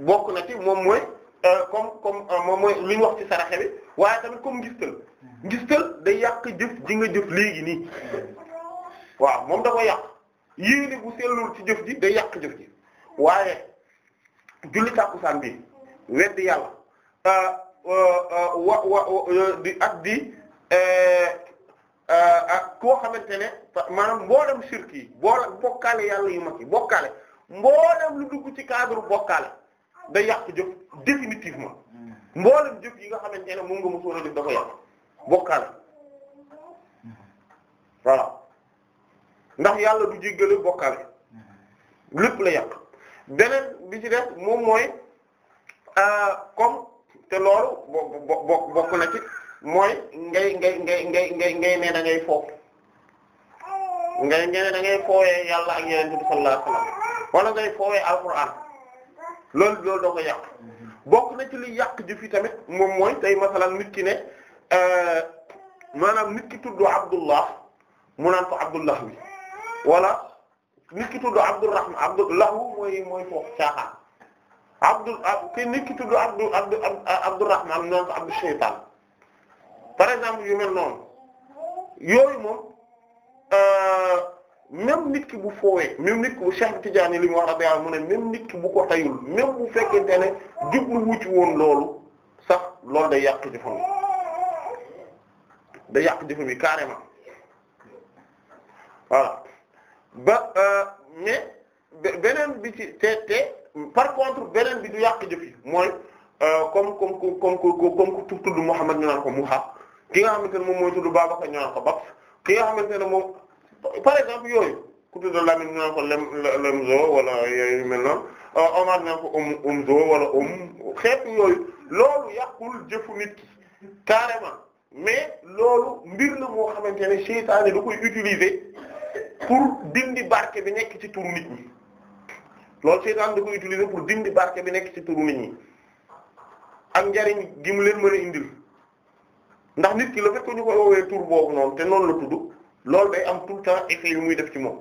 bokk na ci moom mooy euh, comme comme euh, moom mooy li wax ci saraxe bi waaye tamit comme ngistal ngistal day yàq jëf ji nga jëf léegi nii waaw moom da ko yàq yéene bu sellul ci jëf ji day yàq jëf ji waaye julli tàkkusaan bi weddi yàlla wa wa di ak Euh, ak koo xamante ne maanaam mboolem shirk yi boola bokkaale yàlla yu mag yi bokkaale mboolem lu dugg ci cadre bokkaale day yàq jëf définitivement hmm. mboolem jëf yi nga xamante ne moom nga mosoon a def dafa yàq bokkaale hmm. voilà ndax yàlla du jéggale bokkaale hmm. lépp la yàq beneen bi ci def moom mooy euh, comme te loolu bo bo bokk na ci. mooy ngay ngay ngay ngay ngay ngay nee na ngay foofu ngay ngay da ngay foowee yàlla ak yeneen bi sallallahu alayhi wasallam wala ngay foowee alquran loolu loolu a ko bokk na ci li yàq jëf tamit moom mooy tey masalan nit ki ne euh, maanaam nit ki tudd Abdullah mu naan ko Abdullah bi wala nit ki tudd Abdurrahman Abdullah mooy mooy foofu caaxaan Abdul ki nit ki tudd Abdul Abdurrahman mu naan ko Abdu Shaytaan par exemple yu mel noonu yooyu moom euh, même nit ki bu foowee même nit ki bu Cheikh Tidiane li mu wax rabbi mu ne même nit ki bu ko tayul même bu fekkente ne jublu wu ci woon loolu sax loolu day yàq jëfam day yàq jëfam yi carrément voilà ba euh, mais beneen bi ci te te par contre beneen bi du yàq jëf yi mooy euh, comme comme comme comme comme ku tudd Muhammad ñu naan ko mu xaq ki nga xamante ne moom mooy tudd Babacar ñu naan ko Babs ki nga xamante ne moom par exemple yooyu ku de Lamine ñu naan ko Lem Lemzo wala yooyu mel noonu euh, Omar ñu naan ko Um Umzo wala Um xeetu yooyu loolu yàqul jëfu nit ki carrément mais loolu mbir la moo xamante ne seytaane da koy utiliser pour dindi barke bi nekk ci turu nit ñi loolu seytaane da koy utiliser pour dindi barke bi nekk ci turu nit ñi ak njariñ gi leen mën a indil. ndax nit ki la fekk ñu koy woowee tur boobu noonu te noonu la tudd loolu day am tout le temps effet yu muy def ci moom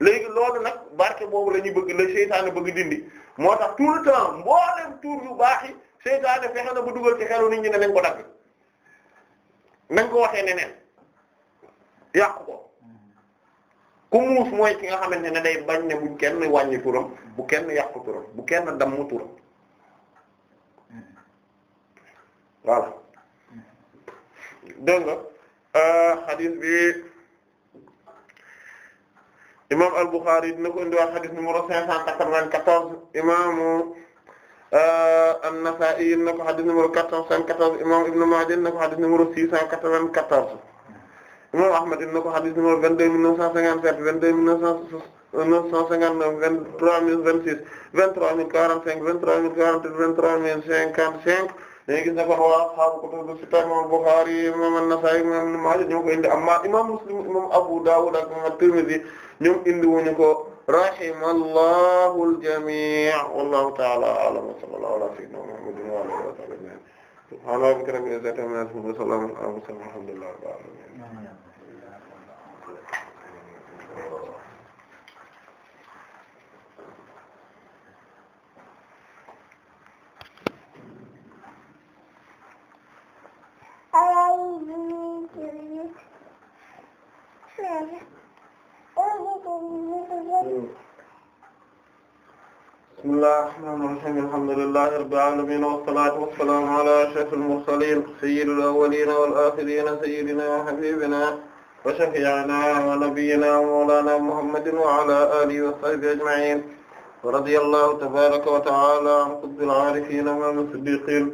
léegi loolu nag barke boobu la ñuy bëgg la seytaane bëgg dindi moo tax tout le temps mboolem tur yu baax yi seytaane fexe na ba dugal ci xelu nit ñi ne nañ ko dagg nañ ko waxee neneen yàq ko ku muus mooy ki nga xamante ne day bañ ne buñ kenn wàññi turam bu kenn yàq turam bu kenn damm turam voilà dégg nga euh, xadis bi imam al-Bukhari dina ko indiwaat xadis numéro cinq cent quatre-vingt-quatorze imaamu euh, an-Nasa'i dina ko xadis numéro quatre cent soixante-quatorze imam Ibn Maaja a ko xadis numéro six cent quatre-vingt-quatorze imam Ahmad dina ko xadis numéro vingt-deux mille neuf cent cinquante-sept vingt-deux mille neuf cent cinquante-neuf vingt-trois mille vingt-six vingt-trois mille quarante-cinq vingt-trois mille quarante-huit vingt-trois mille cinquante dañuy gis ne kon waa ashaabu kutubu sitta imam Bukhari imam An-Nasa'i imam Ibn Maaja ñoo ko indi amma imam Muslim imam Abu Dawud ak imam At-Tirmidhi ñoom indi wuñu ko rahimallahu al-jami' wallahu ta'ala a'lam wa sallallahu ala sayyidina Muhammadin wa ala alihi wa sahbihi ajma'in subhana rabbika rabbil izzati amma yasifun wa salamun ala al-mursalin walhamdulillahi rabbil alamin bismillaahi rahmaani rahiim alhamdulillaahi rabbil aalamiin wassalaatu wassalaamu alaa ashrafil mursaliin sayyidil awwaliina wal aaxiriina sayyidinaa wa habiibinaa wa shafii'inaa wa nabiyyinaa mawlaanaa Muhammadin wa alaa aalihi wa sahbihi ajma'iin wa radiyallaahu tabaaraka wa ta'aalaa an qutbil aarifiin imaam as-siddiiqiin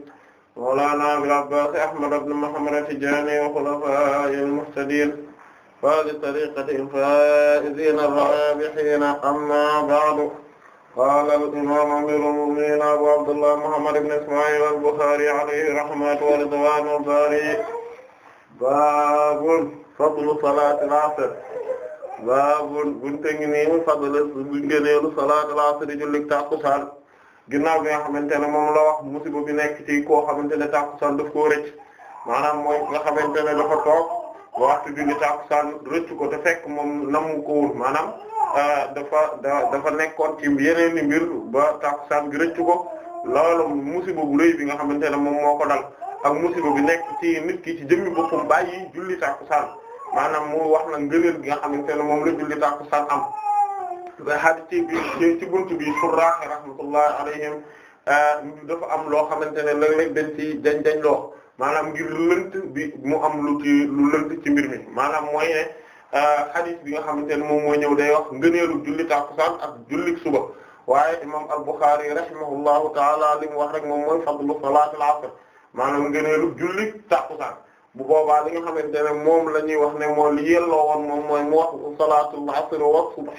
mawlana Abil Abbas Ahmad ibn Muhammad at-Tijani wa khulafaa'ihi al-muhtadiin faadi tariiqati al-faa'iziina ar-raabihiina ammaa ba'du qaala al-imaam amiirul mu'miniin Abu Abdullah Muhammad ibn Ismaa'iil al-Bukhaari alayhi rahmatu wa ridwaanul baari baabun fadlu salaatil asr baabun bunte ngi nii fadlu ngëneelu salaatil asr julli takkusaan ginnaaw bi nga xamante ne moom la wax musiba bi nekk ci koo xamante ne tàkkusaan daf koo rëcc maanaam mooy nga xamante ne dafa toog waxtu julli tàkkusaan rëcc ko te fekk moom namu ko maanaam euh, dafa dafa nekkoon ci yeneen mbir ba tàkkusaan bi rëcc ko loolu musiba bu rëy bi nga xamante ne moom moo ko dal ak musiba bi nekk ci nit ki ci jëmmi boppam bàyyi julli tàkkusaan maanaam mu wax na ngëneel bi nga xamante ne moom la julli tàkkusaan am hadith bi ci buntu bi Shurraah rahmatullahi alayhim euh, dafa am loo xamante ne léeg-léeg dañ ci dañ dañ loo maanaam ngir lënt bi mu am lu ci lu lënt ci mbir mi maanaam mooy ne hadith euh, bi nga xamante ne moom mooy ñëw day wax ngëneelu julli tàkkusaan ak julli suba waaye imam al-Bukhari rahimahullahu taala li mu wax rek moom mooy fadlu salaatul asr maanaam ngëneelu julli tàkkusaan bu boobaa li nga xamante ne moom la ñuy wax ne moo li yelloo woon moom mooy mu wax salaatul asr wa subh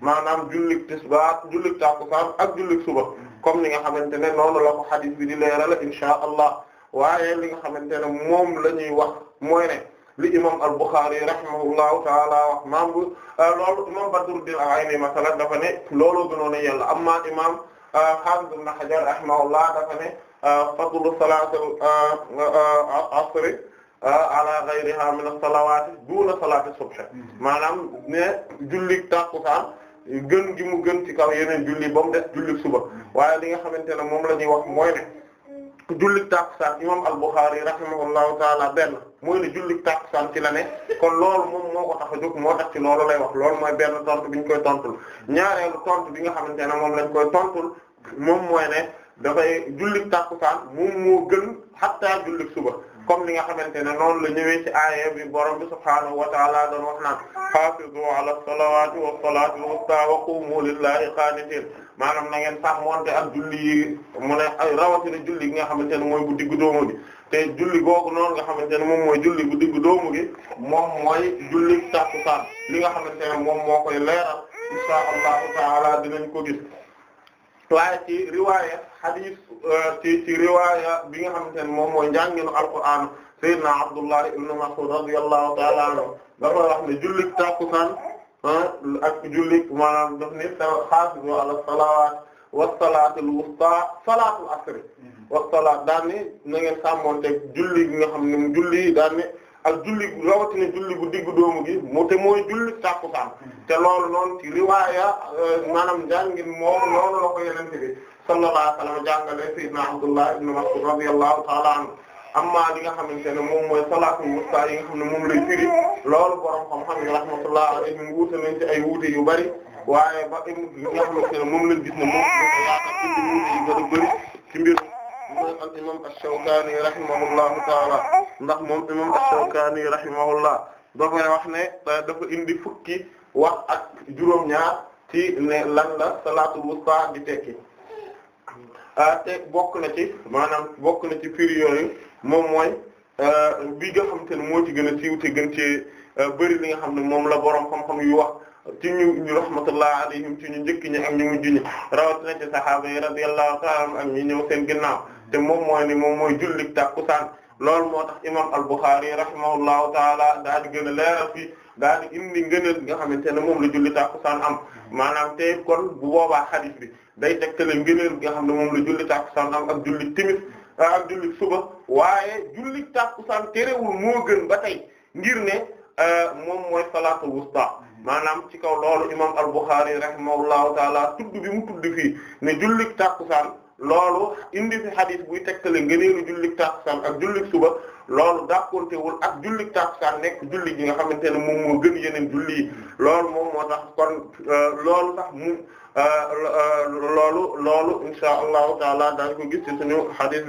maanaam jullik tisbaar jullik takkusaan ak jullik suba comme ni nga xamante ne noonu la ko hadith bi di leerala inshaa allah waaye li nga xamante ne moom la ñuy wax mooy ne li imam al-Bukhari rahimahullahu taala wax maam bu euh, loolu imam Badruddin al-Ayni masala dafa ne looloo gënoon a yàlla amma imam euh, Hafiz ibn Hajar rahimahullah dafa ne euh, fadlu salaatul asri ala ghayriha min as-salawat duna salati subh hmm. maanaam ne julli takkusaan gën gi mu gën ci kaw yeneen julli ba mu des julli suba waaye li nga xamante ne moom la ñuy wax mooy ne julli tàkkusaan imam al-Bukhari rahimahullahu taala benn mooy ne julli tàkkusaan ci la ne kon loolu moom moo ko tax a jóg moo tax ci loolu lay wax loolu mooy benn tontu bi ñu koy tontul ñaareelu tontu bi nga xamante ne moom lañ koy tontul moom mooy ne dafay julli tàkkusaan moom moo gën xattaa julli suba comme li nga xamante ne noonu la ñëwee ci aaya bi borom bi subhaanahu wa ta'ala doon wax naan hafizu ala salawaati wa salaati al-wusta wa qumu lillahi qanitin maanaam na ngeen sàmmonte ak julli yi mu ne rawatina julli gi nga xamante ne mooy bu diggu doomu te julli googu noon nga xamante ne moom mooy julli bu diggu doomu gi moom mooy julli takkusaan li nga xamante ne moom moo koy leeral insha allahu taala dinañ ko gis waaye ci riwaaya hadith euh, ci ci riwaaya bi nga xamante ne moom mooy njànginu alquraan sayyidina Abdullah ibn Mas'ud radiyallahu ta'ala anhu dafa wax ne jullik tàkkusaan ah, ak jullik maanaam daf ne xaasibu ala salawaat wa salaatul wusta salaatul asr mm-hmm. wa salaat daan ne na ngeen sàmmonte julli gi nga xam ne mu julli daan ne ak julli rawatina julli gu diggu doomu gi mu te mooy julli tàkkusaan te loolu noonu ci riwaaya euh, maanaam jàngin moom loolu la ko yeneen bi sallallahu alayhi wa sallam jàngale sayyidina Abdullah ta'ala anhu amma li nga xamante ne moom mooy salaatul wusta yi ne moom lay firi loolu borom xam-xam yi rahmatullah alayhim wuute nañ ay wuute yu bari waaye ba li nga xamante ne moom lañ gis ne moom la ko yaakaar ci wuute mbir mooy al imam ash-Shawkani rahimahullahu taala ndax moom imam ash-Shawkani rahimahullah dafay wax ne dafa indi fukki wax ak juróom ci ne lan la salaatul wusta di tekki ah, te bokk na ci maanaam bokk na ci firi yooyu moom mooy euh, bi nga xam te ne moo ci gën a siiw te gën cee euh, bëri li nga xam ne moom la borom xam-xam yu wax ci ñu ñu rahmatullah alayhim ci ñu njëkk ñi ak ñu mujj ñi rawatina ci sahaaba yi radiyallahu ta'ala ak ñi ñëw seen ginnaaw te moom mooy ni moom mooy jullik tàkkusaan lool moo tax imam al-Bukhari rahimahullahu taala daa di gën a leeral fii daa di indi ngëneel nga xamante ne moom la julli tàkkusaan am maanaam tey kon bu boobaa xadis bi day tegtale ngëneel nga xam ne moom la julli tàkkusaan am ak julli timis ah, ak julli suba waaye julli tàkkusaan terewul moo gën ba tey ngir ne euh, moom mooy salaatul wusta maanaam ci kaw loolu imam al-Bukhari rahimahullahu taala tudd bi mu tudd fii ne julli loolu indi fi xadis buy tegtale ngëneelu jullik tàkkusaan ak jullik suba loolu dàqontewul ak jullik tàkkusaan nekk julli gi nga xamante ne moom moo gën yeneen julli yi loolu moom moo tax kon euh, loolu sax mu euh, loolu a inshaa allahu taala daañ ko gis ci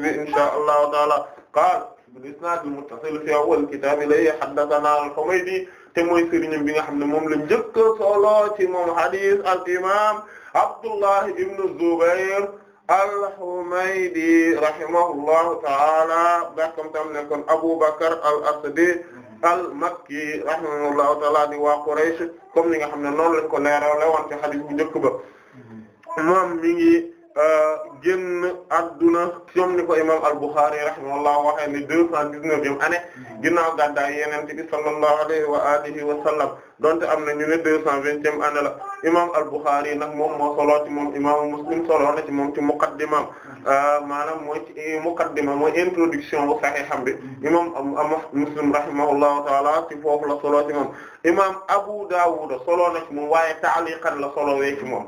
bi inshaa allahu taala qaal bil-isnaad al-muttasil fi awwal kitaab ilayhi haddathanaa al-Humaydi te mooy sëriñam bi nga xam ne moom la njëkk solo ci moom xadis al imam Abdullah ibn Zubayr al-Humaydi rahimahullahu ta'ala bakam tam nekkoon Abu Bakr al-Asadi al-Makki rahimahullahu ta'ala di waa Quraysh comme ni nga xam ne noonu lañ ko leeralal woon ci hadith bu njëkk ba mm-hmm. moom mi ngi. Euh, génn adduna comme ni ko imam al-Bukhari rahimahullah waxee ni deux cent dix-neuvième année mm-hmm. ginnaaw gàddaay Yonent bi sallallahu alayhi wa alihi wa sallam donte am na ñu ne deux cent vingtième la imam al-Bukhari nag moom moo solo ci moom imam Muslim solo na ci moom ci muqaddimam mm-hmm. euh, maanaam mooy ci eh, muqaddima mooy introduction bu Sahiham bi mm-hmm. imam Muslim rahimahullahu taala ci foofu la solo ci moom imam Abu Dawud solo na ci moom waaye ta'liqan la solo wee ci moom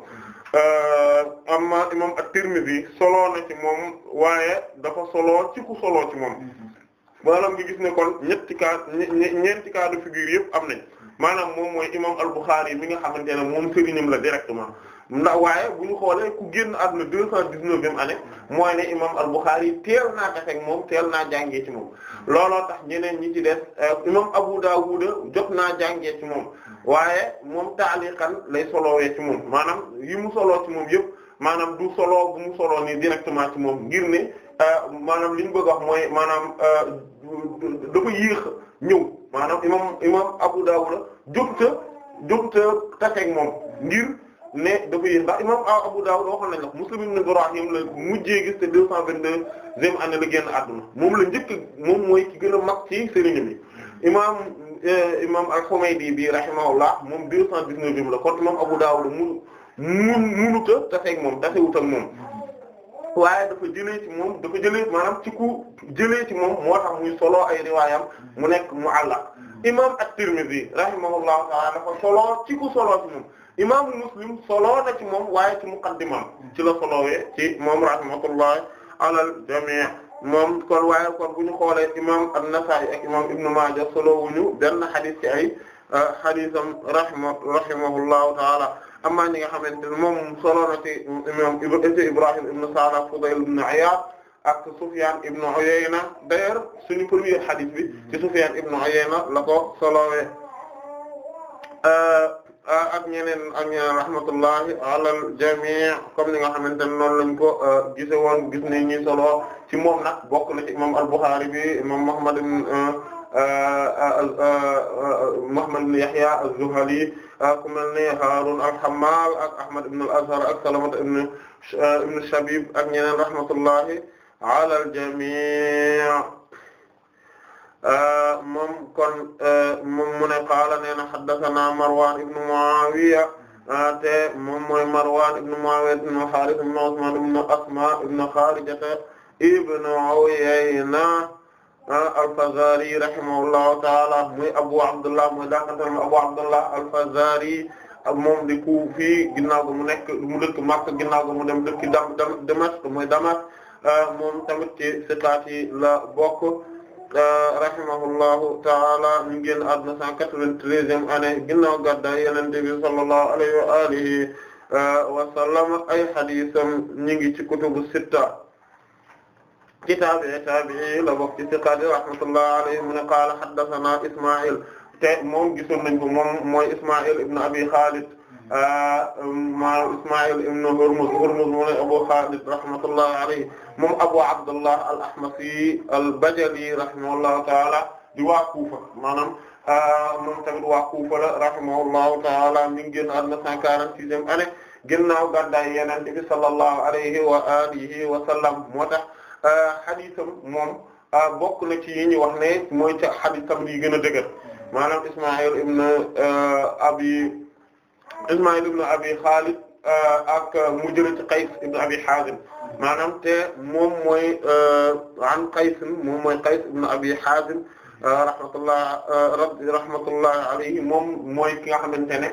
Euh, amma imam at-Tirmidhi solo na ci moom waaye dafa solo ci ku solo ci moom mm-hmm. maanaam nga gis ne kon ñetti cas ñeenti cas de figure yëpp am nañ maanaam moom mooy imam al yi mi nga xamante ne moom sëriñam la directement ndax waaye bu ñu xoolee ku génn àdduna deux cent dix-neuvième année mooy ne imam al teel naa tax moom teel naa jàngee ci moom looloo tax ñeneen ñi ci des euh, imam Abu Dawud jot naa jàngee ci moom waaye moom taaliqan lay solo ci moom maanaam yi mu soloo ci moom yëpp maanaam du solo bu mu soloo ni directement ci moom ngir ne euh, maanaam li ñu bëgg wax mooy maanaam euh, dafa yéex ñëw maanaam imam imam Abu Dawud jóg ta jóg ta tax moom ngir ne dafa yéex ndax imam Abu Dawud waxoon nañ la Muslim ibn Ibrahim la mujjee gis te deux cent vingt-deuxième année la moom la njëkk moom mooy ki gën a mag ci sëriñ bi imam euh, imam al-Humaydi bi rahimahullah moom deux cent dix-neuvième la kon imam Abu Dawud la mu mun munuta moom tasewut ak moom waaye dafa jëlee ci moom dafa jëlee ci ku jëlee ci moom moo tax muy solo ay mu nekk mu'allaq imam at-Tirmidhi rahimahullahu ta'ala dafa solo ci ku solo ci moom imaamu muslim solo na ci moom waaye ci muqaddimam ci la solowee ci moom rahmatullah alal jamii moom kon waaye kon bu ñu xoolee imaam an-Nasaa'i ak imaam Ibn Maaja solowuñu benn xadis ci ay euh, xadisam rahma rahimahullahu taala amma ñi nga xamante ne moom solo na ci imaam Ibrahim ibn Sa'd Fudayl ibn Iyaad ak Sufyaan ibn Uyayna d'ailleurs suñu premier xadis bi ci Sufyaan ibn Uyayna la ko solowee. Euh, Euh, ak ñeneen ak ñeneen rahmatullahi alal jamii comme ni nga xamante ne noonu lañ ko euh, gise woon gis nañ ñi solo ci moom nag bokk na ci imam al-Bukhari bi imam Muhammad euh, Muhammad ibn Yahya az-Zuhali ku mel ni Harun al-Hammal ak Ahmad ibn al-Azhar ak Salamata ibn Shabib ak ñeneen rahmatullahi alal jamii moom kon moom mu ne qaala nee na haddathana Marwan ibn Muawiya te moom mooy Marwan ibn Muawiya ibn al-Harith ibn Usman ibn Asma ibn Kharijata ibn Uyayna al-Fazari rahimahullahu ta'ala muy Abu Abdullah muy daakantal Abu Abdullah al-Fazari ak moom di Kufi ginnaaw ga mu nekk mu dëkk Makka ginnaaw ga mu dem dëkk Damas mooy Damas moom tamit ci siqaat yi la bokk rahimahullahu ta'ala mi ngi génn àdduna 193e année ginnaaw gàddaay Yonent bi sallallahu alayhi wa alihi uh, wa sallam ay hadiisam ñi ngi ci kutubu sitta ci taabi'i taabi'i la bokk ci siqaat rahmatullahi alayhi mu ne qaala haddathana Isma'il te moom gisoon nañ ko moom mooy Isma'il ibn Abi Khalid Euh, euh, ma Ismaïl ibn Hurmuz Hurmuz mu ne Abu Khalid rahmatullahi alayhi moom Abu Abdullah al-Ahmasi al-Bajali rahimahullahu ta'ala di waa Kufa maanaam euh, moom tamit waa Kufa la rahimahullahu ta'ala mi ngi génn àdduna 146e année ginnaaw gàddaay Yonent bi sallallahu alayhi wa alihi wa sallam moo tax xadiisam moom bokk na ci yi ñu wax ne mooy ca xadiisam yi gën a dëgër maanaam Ismaïl ibn Abi Ismaïl ibn Abi Khalid euh, ak euh, mu jëlee ci Qays ibn Abi Hazim maanaam te moom mooy euh, an Qays moom mooy Qays ibn Abi Hazim rahmatullah rabbi rahmatullah alayhi moom mooy ki nga xamante ne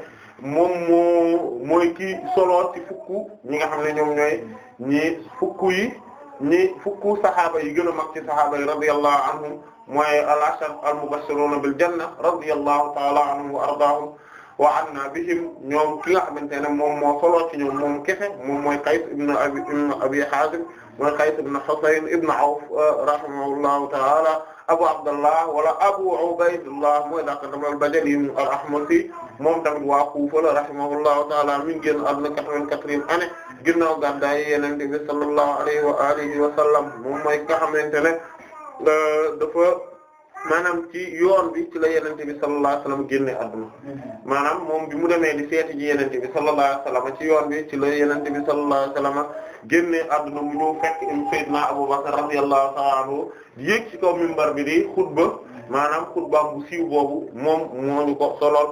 moom moo mooy ki solo ci fukk ñi nga xam ne ñoom ñooy ñi fukk yi ñi fukk saxaaba yi gën a mag ci saxaaba yi radiyallahu anhum mooy al-ashar al-mubashiruna bil janna radiyallahu ta'ala anhum wa ardaahum wa anna bihim ñoom ki nga xamante ne moom moo solo ci ñoom moom kese moom mooy Qays ibn Abi ibn Abi Hazim mooy Qays ibn Husayn ibn Awf euh, rahimahullahu ta'ala Abu Abdallah wala Abu Ubaydullah mooy dàq damal Bajali al-Ahmasi moom tamit waa Kufa la rahimahullahu ta'ala mi ngi génn àdduna 84e année ginnaaw gàddaay Yonent bi sallallahu alayhi wa alihi wa sallam moom mooy ki nga xamante ne euh, dafa. maanaam ci yoon bi ci la yenente bi sallallahu alayhi wasallam génne adduna maanaam moom bi mu demee di seeti ji yenente bi sallallahu alayhi wasallam ci yoon bi ci la yenente bi sallallahu alayhi wasallam génne adduna mu ñëw fekk sayyidina Abu Bakr radiyallahu ta'ala anhu di yéeg ci kaw minbar bi di xutba maanaam xutbaam bu siiw boobu moom moo ñu ko solool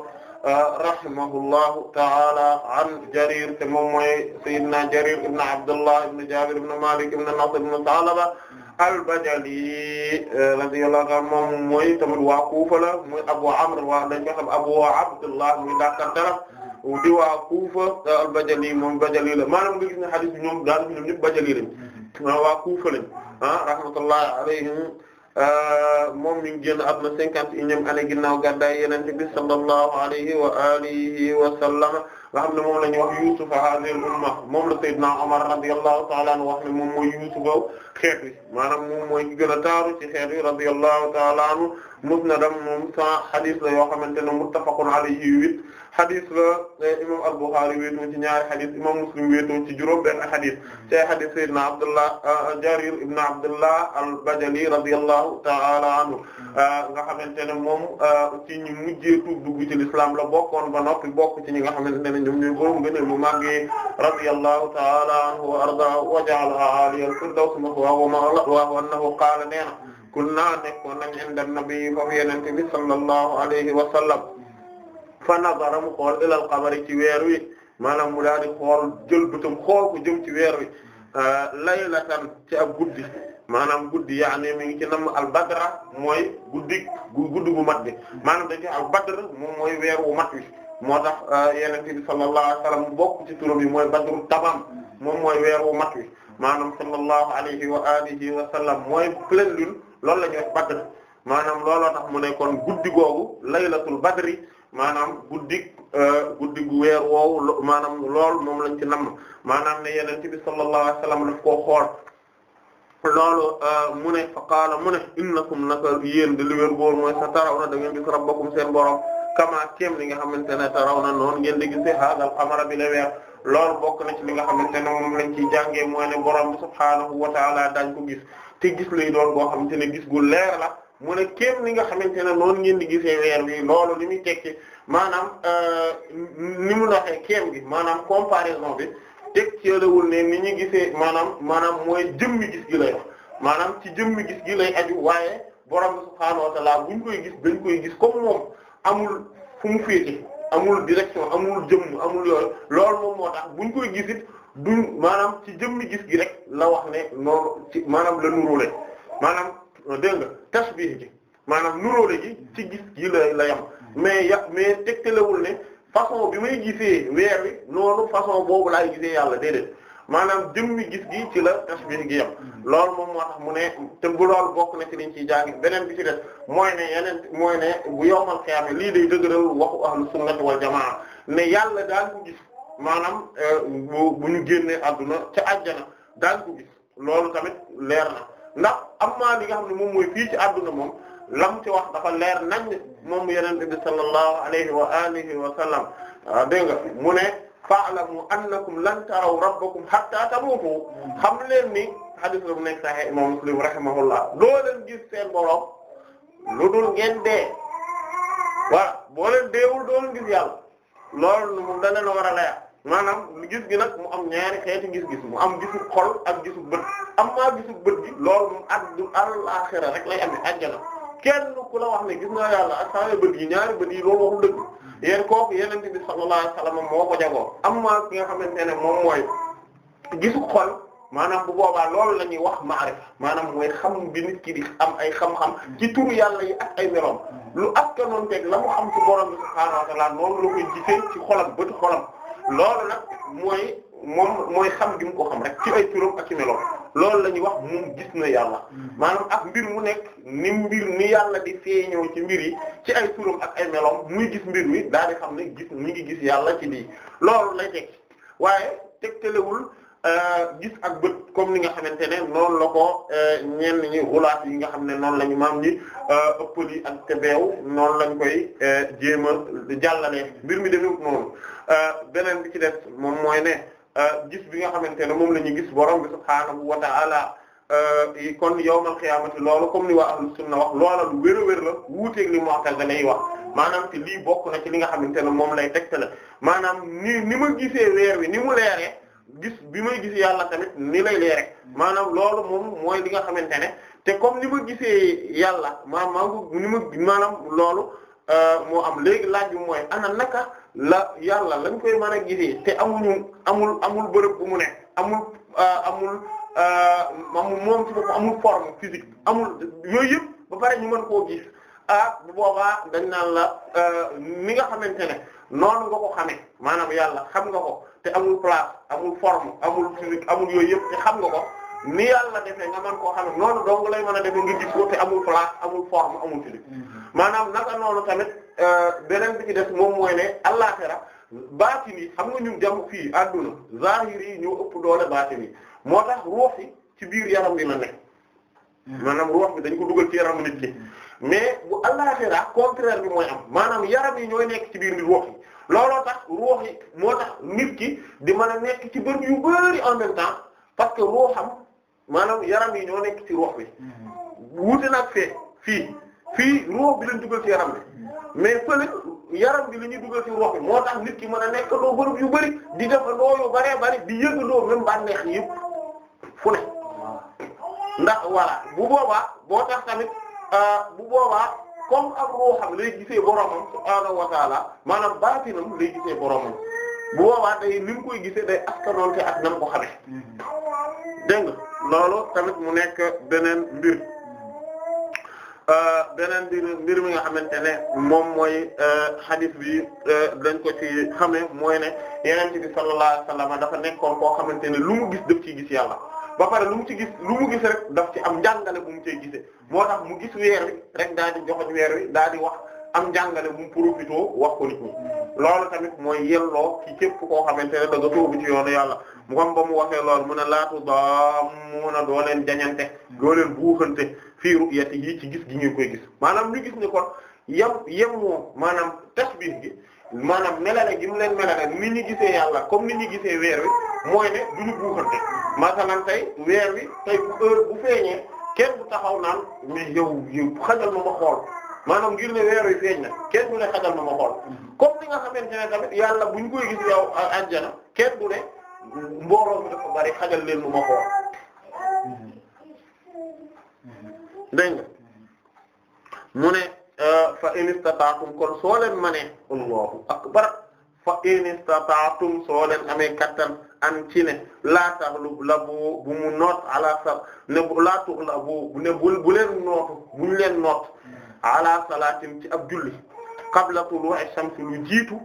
rahimahullahu ta'ala an Jarir te moom mooy sayyidina Jarir ibn Abdullah ibn Jabir ibn Malik ibn Nasr ibn Salaba al-Bajali euh, radiyallahu anhu moom mooy tamit waa Kufa la muy Abu Amr waa dañ koy xam Abu Abdullah muy dàkkantaram di waa Kufa euh, al-Bajali moom Bajali la maanaam nga gis ne hadith bi ñoom daal ñoom ñëpp Bajali lañ mm-hmm. waa Kufa lañ ah rahmatullahi alayhim Euh, moom mi ngi génn àdduna cinquante et unième année ginnaaw gàddaay yonent bi sallallahu alayhi wa alihi wa sallam nga xam ne moom la ñuy wax Yuusuf haazihil umma moom la Seydina Omar radiyallahu ta'ala anhu wax ne moom mooy Yuusufa xeet wi maanaam moom mooy gën a taaru ci xeet wi radiyallahu ta'ala anhu musnadam moom sa hadith la yoo xamante ne muttafaqun alayhi xadis la imam al-Bukhari wéetoo ci ñaari xadis imam Muslim wéetoo ci juróom benn xadis ci xadis sayyidina Abdullah euh, Jarir ibn Abdullah al-Bajali radiyallahu ta'ala anhu euh, nga xamante ne moom euh, ci ñu mujjeetu dugg ci l'islam la bokkoon ba noppi bokk ci ñi nga xamante ne ñoom ñooy borom gëneel mu màggee radiyallahu ta'ala anhu wa ardaahu wa ja'alaha 'aliya al-firdaws ma'waahu wa ma'waahu annahu qaala nee na kunna nekkoon nañ inda nabi foofu yenente bi sallallahu alayhi wa sallam fa nazara mu xool ilal qamari ci weer wi maanaam mu daal di xool jël bëtam xool ko jëm ci weer wi euh, laylatan ci ab guddi maanaam guddi yaani mi ngi ci nam albadra mooy guddi guddi gu mat bi maanaam dañ ci albadr moom mooy wu mat wi moo tax euh, yenente bi sallallahu alayhi wa sallam bokk ci yi mooy badru tamam moom mooy weer wu mat wi maanaam sallallahu alayhi wa alihi wa sallam mooy pleine lune loolu la ñuy wax badr maanaam looloo tax mu ne kon guddi googu laylatul badri maanaam guddi euh, guddi gu weer woowu maanaam lool moom lañ ci nam maanaam ne yenente bi sallallahu alayhi wasallam daf koo xool loolu euh, mu ne fa qaala mu ne innakum naka yéen di li wér boor mooy sa tarawna da ngeen gis rabbakum seen borom kama kéem li nga xamante ne tarawna noonu ngen di gis haadal qamara bi la weer loolu bokk na ci li nga xamante ne moom lañ ciy jàngee mooy ne borom bi subhaanahu wa ta'ala dañ ko gis ti gis lay doon boo xam ne gis gu leer la mu ne kéem ni nga xamante ne noonu ngeen di gisee weer wi loolu ni muy tekki maanaam euh, ni mu doxee kéem gi maanaam comparaison bi teg ceelawul ne ni ñu gisee maanaam maanaam mooy jëmmi gis gi maanaam ci jëmmi gis gi lay aju waaye borom subhaanahu wa ta'aala buñ koy gis dañ koy gis comme moom amul fu mu féete amul direction amul jëmm amul yooyu loolu moom moo tax buñ koy gis du maanaam ci jëmmi gis gi rek la wax ne noonu ci maanaam la nurule maanaam. Euh, dégg nga tashbih gi maanaam nuróole gi ci gis gi la la yam mais ya mais tegtalewul ne façon bi may gisee weer wi noonu façon boobu laay gisee yàlla déedéet maanaam jëm jëmmi gis gi ci la tashbih gi yam loolu moom moo mu ne te bu lool bokk na ci liñ ciy jàngi beneen bi ci def mooy ne yeneen mooy ne bu yowmal xiyaama lii day dëgëral waxu ahlu sunnati wal jamaa ne yàlla daal ko gis maanaam euh, bu bu ñu génnee adduna ca àjjana daan ko gis loolu tamit leer na ndax amaa li nga xam ne moom mooy fii ci adduna moom lam ci wax dafa leer nañ moom yenente bi sallallahu alayhi wa alihi wa sallam ah, dégg nga mu ne fa'lamu annakum lan taraw rabbakum hatta tamutu xam leen ni hadith la bu nekk sahih imam muslim rahimahullah doo leen gis seen borom lu dul ngeen dee voilà boo leen deewul doo leen gis yàlla da leen war a leer maanaam gis gi nag mu am ñaari xeeti gis-gis mu am gisu xol ak gisu bët amma gisul bët bi loolu moom ak a àllaxira rek lay amee àjjana kenn ku la wax ne gis naa yàlla ak saa bët yi ñaari bët yi loolu waxul dëgg yéen kooku yenente bi sallallahu alayhi wasallam moo ko jagoo amma ki nga xamante ne moom mooy gisu xol maanaam bu boobaa loolu la ñuy wax maarifa maanaam mooy xam bi nit ki di am ay xam-xam ci yàlla yi ak ay meloom lu askanoon teg la mu xam ci borom bi wa ta'ala noonu la koy gisee ci xolam bët xolam loolu nag mooy moom mooy xam gi mu ko xam rek ci ay turam ak ci meloom loolu la ñuy wax moom gis na yàlla mm-hmm. maanaam ak mbir mu nekk ni mbir ni yàlla di feeñoo ci mbir yi ci ay turam ak ay meloom muy gis mbir mi daal di xam ne gis ngi gis yàlla ci lii loolu lay teg waaye tegtalewul euh, gis ak bët comme ni nga xamante ne noonu la ko euh, ñenn ñi wulaat yi nga xam ne noonu la ñu maam ñi euh, ëppal yi ak lañ koy jéem a jàllale mbir mi demewut noonu beneen bi ci def moom mooy ne Euh, gis bi nga xamante ne moom la ñu gis borom bi subhaanahu wa ta'ala euh, kon yawmal qiyaamati loolu comme ni waa ahlus sunna wax loola lu wér a wér la wuuteeg li mu'tazila yi wax maanaam te lii bokk na ci li nga xamante ne moom lay tegte la maanaam ni ni ma gisee weer wi ni mu leeree gis bi may gis yàlla tamit ni lay leere maanaam loolu moom mooy li nga xamante ne te comme ni ma gisee yàlla maanaam ni ma maanaam loolu euh, moo am léegi laaj bi mooy ana naka la yàlla lañ koy mën a gisee te amuñu amul amul bërëb bu mu ne amul euh, amul euh, amul moom ci boppam amul forme physique amul yooyu ba pare ñu mën koo gis ah bu boobaa dañ naan la euh, ni nga xamante ne noonu nga ko xamee maanaam yàlla xam nga ko te amul place amul forme amul physique amul yooyu yëpp te xam nga ko ni yàlla defee nga mën koo xamee noon dong lay mën a defee nga gis ko te amul place amul forme amul physique mm-hmm. maanaam naka noonu tamit. Euh, beneen bi ci def moom mooy ne àllaxira baatin yi xam nga ñu jàmm fii àdduna zahir yi ñoo ëpp doole baatin moo tax ruux ci biir yaram bi la nekk maanaam ruux bi dañ ko dugal ci yaram nit ki mais bu àllaxira contraire bi mooy am maanaam yaram yi ñooy nekk ci biir ruux yi looloo tax ruux moo tax nit ki di mën a nekk ci bërëb yu bari en même temps parce que ruuxam maanaam yaram yi ñoo nekk ci ruux bi mm-hmm. nag fee fii fii ruux bi lañ dugal ci yaram bi mais fële yaram bi la ñuy dugal ci ruux bi moo tax nit ki mën a nekk loo bërëb yu bëri di def loo yu bëree bëri di yëg loo même bànneex yëpp fu ne ndax voilà bu boobaa boo tax tamit euh, bu boobaa comme ak ruuxam lay gisee boromam subhaanahu wa taala maanaam baatinam lay gisee boromam bu boobaa day li koy gisee day askanoonte ak nam ko xamee mm-hmm. dégg loolu tamit mu nekk beneen mbir. Euh, beneen mbir mbir mi nga xamante ne moom mooy hadith euh, bi euh, dañ ko ci xamee mooy ne yonent bi sallallahu alayhi wasallam dafa nekkoon koo xamante ne lu mu gis daf ciy gis yàlla ba pare lu mu ci gis lu mu gis rek daf ci am njàngale bu mu cee gisee moo tax mu gis weer wi rek daal di joxoñ weer wi daal di wax am njàngale bu mu wax ko nit loolu tamit mooy yelloo ci képp koo xamante ne da nga toogu ci yoonu yàlla mu xam ba mu waxee loolu mu ne laatu daa mun a doo leen jañante doo leen buuxante fii ru'yatihi ci gis gi ngeen koy gis maanaam ñu gis ne kon yem yem moo maanaam tasbih gi maanaam melale gi mu leen melale ni ñu gisee yàlla comme ni ñu gisee weer wi mooy ne du ñu buuxante masalan tey weer wi tey bu bu feeñee kenn bu taxaw naan mais yow yow xajal ma ma xool maanaam ngir ne weer wi feeñ na kenn du ne xajal ma ma xool comme ni nga xamante ne tamit yàlla buñ koy gis yow àjjana kenn du ne mbooloo mi bari xajal leen ma ma xool dégg nga mu ne ah, fa in istata'tum kon soo leen manee allahu akbar fa in istata'tum soo amee kattan an ci ne laa la bu mu noot la bu ne bu bu leen noot ala salaatin ab julli qabla tulu'i shamsi lu jiitu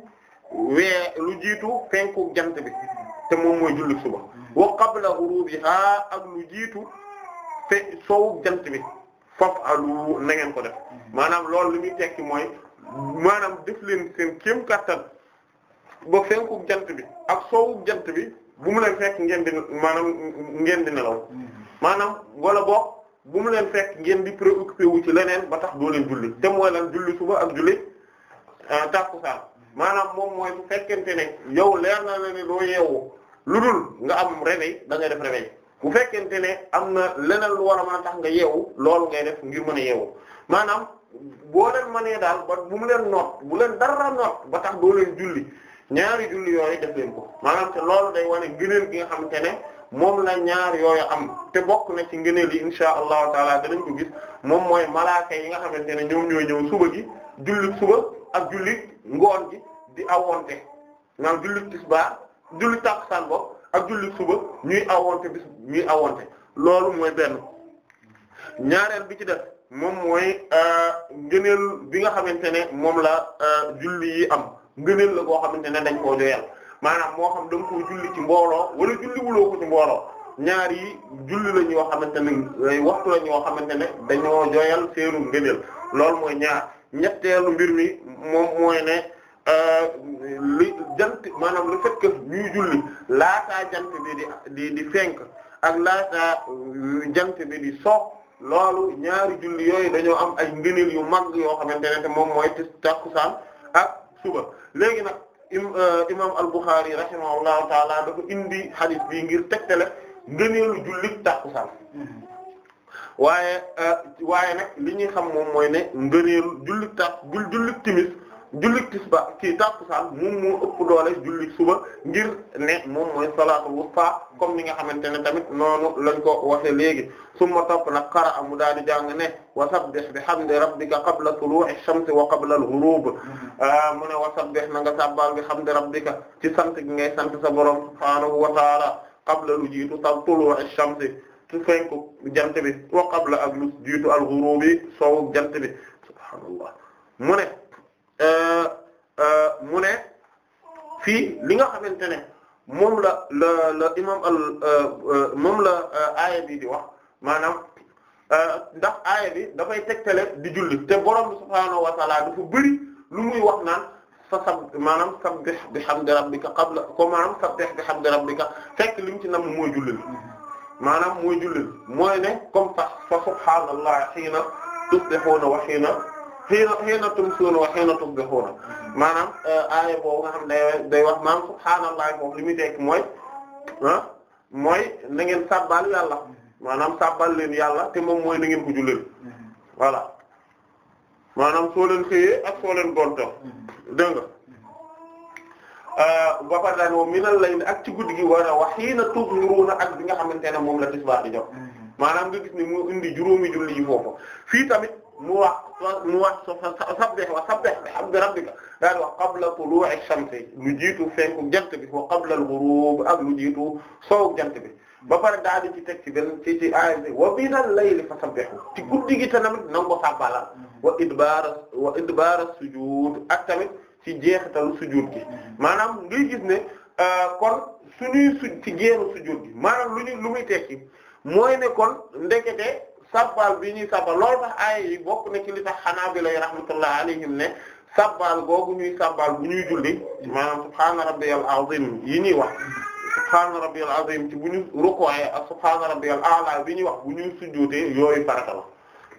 wee lu jiitu fenku jant bi te moom mooy julli suba wa qabla ghurubiha ak lu jiitu fe jant bi faf'alu na ngeen ko def mm-hmm. maanaam loolu li muy tekki mooy maanaam def leen seen kéem kattan ba fenku jant bi ak soowu jant bi bu mu leen fekk ngeen di maanaam ngeen di nelaw mm-hmm. maanaam wala boog bu mu leen fekk ngeen di préoccupé wu ci leneen ba tax doo leen julli te mooy lan julli suba ak julli euh, tàkkusaan maanaam moom mooy su fekkente ne yow leer na la ne doo yeewu lu dul nga am réveil da ngay def réveil bu fekkente ne am na leneen lu war a man a tax nga yeewu loolu ngay def ngir mën a yeewu maanaam boo leen mënee daal ba bu mu leen noot bu leen dara noot ba tax doo leen julli ñaari julli yooyu def leen ko maanaam te loolu day wane ngëneel gi nga xamante ne moom la ñaar yooyu am te bokk na ci ngëneel yi insha allahu taala danañ ko gis moom mooy malaaka yi nga xamante ne ñoom ñooy ñëw suba gi julli suba ak julli ngoon gi di awonte maanaam julli tisbaar julli takkusaan bopp ak julli suba ñuy awonte bis ñuy awonte loolu mooy benn ñaareel bi ci def moom mooy euh, ngëneel bi nga xamante ne moom la euh, julli yi am ngëneel la goo xamante ne dañ koo joyal maanaam moo xam da julli ci mbooloo wala julli ko ci mbooloo ñaar yi julli la ñoo xamante ne waxtu la xamante ne dañoo joyal seenu ngëneel loolu mooy ñaar ñetteelu mbir mi moom mooy ne Euh, li jant maanaam le fait que ñuy julli laataa jant bi di di di fenk ak laataa euh, jant bi di so loolu ñaari julli yooyu dañoo am ay ngëneel yu mag yoo xamante ne te moom mooy ci takkusaan ak suba léegi nag euh, imam al-Bukhari rahimahullahu taala dafa indi hadith bi ngir tegtale ngëneelu jullit takkusaan waaye waaye nag li ñuy xam moom mooy ne ngëneelu jullit tak jullit timis jullit tisba ci tàkkusaan moom moo ëpp doole jullit suba ngir ne moom mooy salaatul wusta comme ni nga xamante ne tamit noonu lañ ko waxe léegi summa topp nag qara'a mu daal di jàng ne wa sabbih bihamdi rabbika qabla tuluu'i shamsi wa qabla al-ghurub mm-hmm. ah, mu ne wa sabbih na nga sabbal bihamdi rabbika ci sant gi ngay sant sa borom subhaanahu wa ta'ala qabla lu jiitu ta tuluu'i shamsi su fenku janti bi wa qabla ak lu jiitu al-ghurub soowu jant bi subhaanallah mu Euh, euh, mu ne fii li nga xamante ne moom la la la imam al euh, moom la aaya bi di wax maanaam ndax aaya bi dafay tegtale di julli te borom bi subhaanahu wa ta'ala dafa bëri lu muy wax naan fa sab maanaam sabbih bihamdi rabbika qabla ko maanaam sabbih bihamdi rabbika fekk li mu ci nam mooy jullil maanaam mooy jullil mooy ne comme fa fa subhaanallahi hiina tusbihuuna wa hiina xiina xiina tumsuuna wa xiina tusbihuuna maanaam euh, aaya boobu nga xam ne day wax maanaam subhaanallahi moom li muy tekk mooy ah mooy na ngeen sabbal yàlla maanaam sabbal leen yàlla te moom mooy na ngeen ko julleel voilà maanaam soo leen xëyee ak soo leen gonto dégg nga euh, ba pare daan moom minal layli ak ci guddi gi war a wax xiina tuzhiruuna ak bi nga xamante ne moom la tisbaar di mm-hmm. maanaam nga gis ne moo indi juróomi ju yi foofu fii tamit. mu wax mu wax sabbih wa sabbih bihamdi rabbika daal wax qabla tulu'i shamsi lu jiitu fenku jant bi wa qabla al-ghurub ak lu jiitu sow jant bi ba pare daal di ci teg ci benn ci ci aaya bi wa minal layli fasabbihu ci guddi gi tamit na nga ko sàbbalal wa idbaara wa idbaara sujud ak tamit ci jeexitalu sujud gi maanaam ngay gis ne euh, kon suñuy su ci géeru sujud gi maanaam lu ñu lu muy tekki mooy ne kon ndekete sabbal bi ñuy sabbal lool tax aaya bokk na ci li tax Hanaabila rahmatullah alayhim ne sabbal googu ñuy sabbal bu ñuy julli maanaam subhaana rabbiyal azim yi ñuy wax subhaana rabbiyal azim bu ñu rukkooyee ak subhaana rabbiyal a'la bi ñuy wax bu ñuy sujjóotee yooyu farata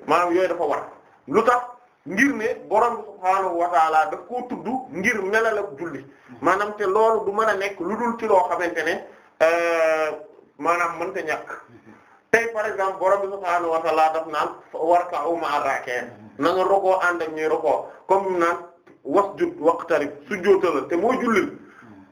maanaam yooyu dafa war lu tax ngir ne borom bi subhaanahu wa daf koo tudd ngir melal ak julli maanaam te loolu du mën a nekk lu dul ci loo xamante ne euh, maanaam mënta ñàkk tey par exemple borom bi subhaanahu wa ta'ala daf naan warka'u ma'a raki'in na nga rokoo ànd ak ñuy rokoo comme naan wasjud waqtarib sujjóotal te mooy jullil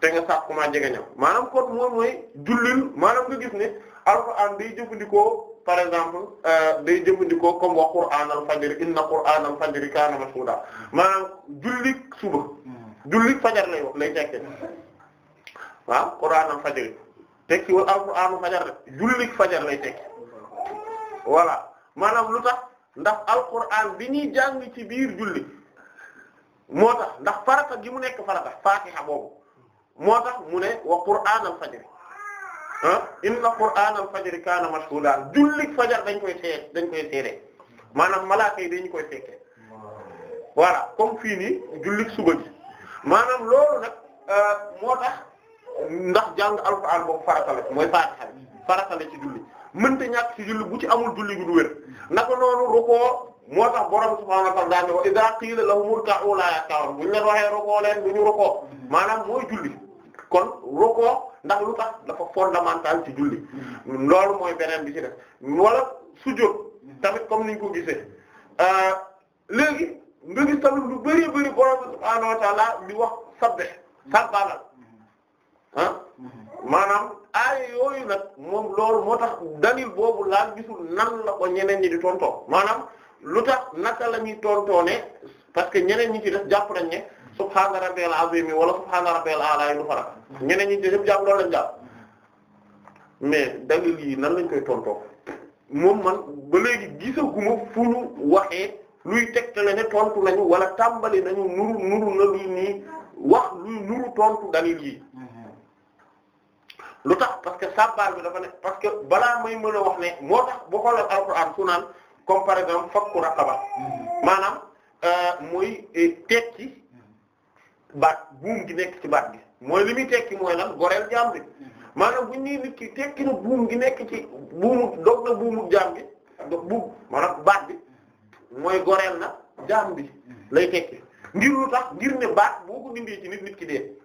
te nga sàkku ma jege ñam maanaam kon moom mooy jullil maanaam nga gis ne alquran day jëfandikoo par exemple euh, day jëfandikoo comme wa qur'an al-fajr inna qur'an al-fajr kaana mashhuuda maanaam julli suba julli fajar lay wax waaw qur'an al-fajr tekki wala alquran fajar fajar lay tekki voilà maanaam lu tax ndax al alquran bi ñuy jàng ci biir julli moo tax ndax farata gi mu nekk farata fatiha boobu moo tax mu ne wa qur'an al fajr ah inna qur'an al fajr kaana mashhuda julli fajar dañ koy seet dañ koy seede maanaam malaaka yi koy fekke voilà comme fii nii julli suba gi maanaam loolu nag euh, moo tax ndax jàng alquran boobu farata la mooy fatiha bi farata la ci julli mën mënta ñàkk ci julli bu ci amul julli gi du wér naka noonu moo tax borom subhaanahu wa ta'aala daan ne wa idhaa qiila lahum irka'uu laa yarka'uun bu ñu leen ñu rukoo maanaam mooy julli kon rukoo ndax lu tax dafa fondamental ci julli loolu mooy beneen bi ci def wala sujjóot tamit comme niñ ko gisee euh, léegi nga gis tamit lu bari bari borom subhaanahu wa ta'aala di wax sabbe sabbalal ah maanaam. aaya yooyu nag moom loolu moo tax dalil boobu laal gisul nan la ko ñeneen ñi di tontoo maanaam lu tax naka la ñuy tontoone parce que ñeneen ñi ci def jàpp nañ ne subhaana rabbiyal azim wala subhaana rabbiyal ala yi du farak ñeneen ñi ci def jàpp loolu lañ jàpp mais dalil yi nan lañ koy tontoo moom man ba léegi gisaguma fu ñu waxee luy tegtale ne tontu nañu wala tàmbali nañu nuru nuru na luy nii wax luy nuru tontu dalil yi lu tax parce que sabbal bi dafa ne parce que balaa may mën a wax ne moo tax boo xoolee alxuraan su naan comme par exemple fakku raqaba mm-hmm. maanaam euh, mooy euh, tekki baat buum gi nekk ci baat gi mooy li muy tekki mooy lan goreel jaam bi mm-hmm. maanaam bu ñuy nit ki tekki na buum gi nekk ci buumu dog na buumu jaam bi dog buum maanaam baat bi mooy goreel na jaam bi mm-hmm. lay tekki ngir lu tax ngir ne baat boo ko dindee ci nit nit ki dee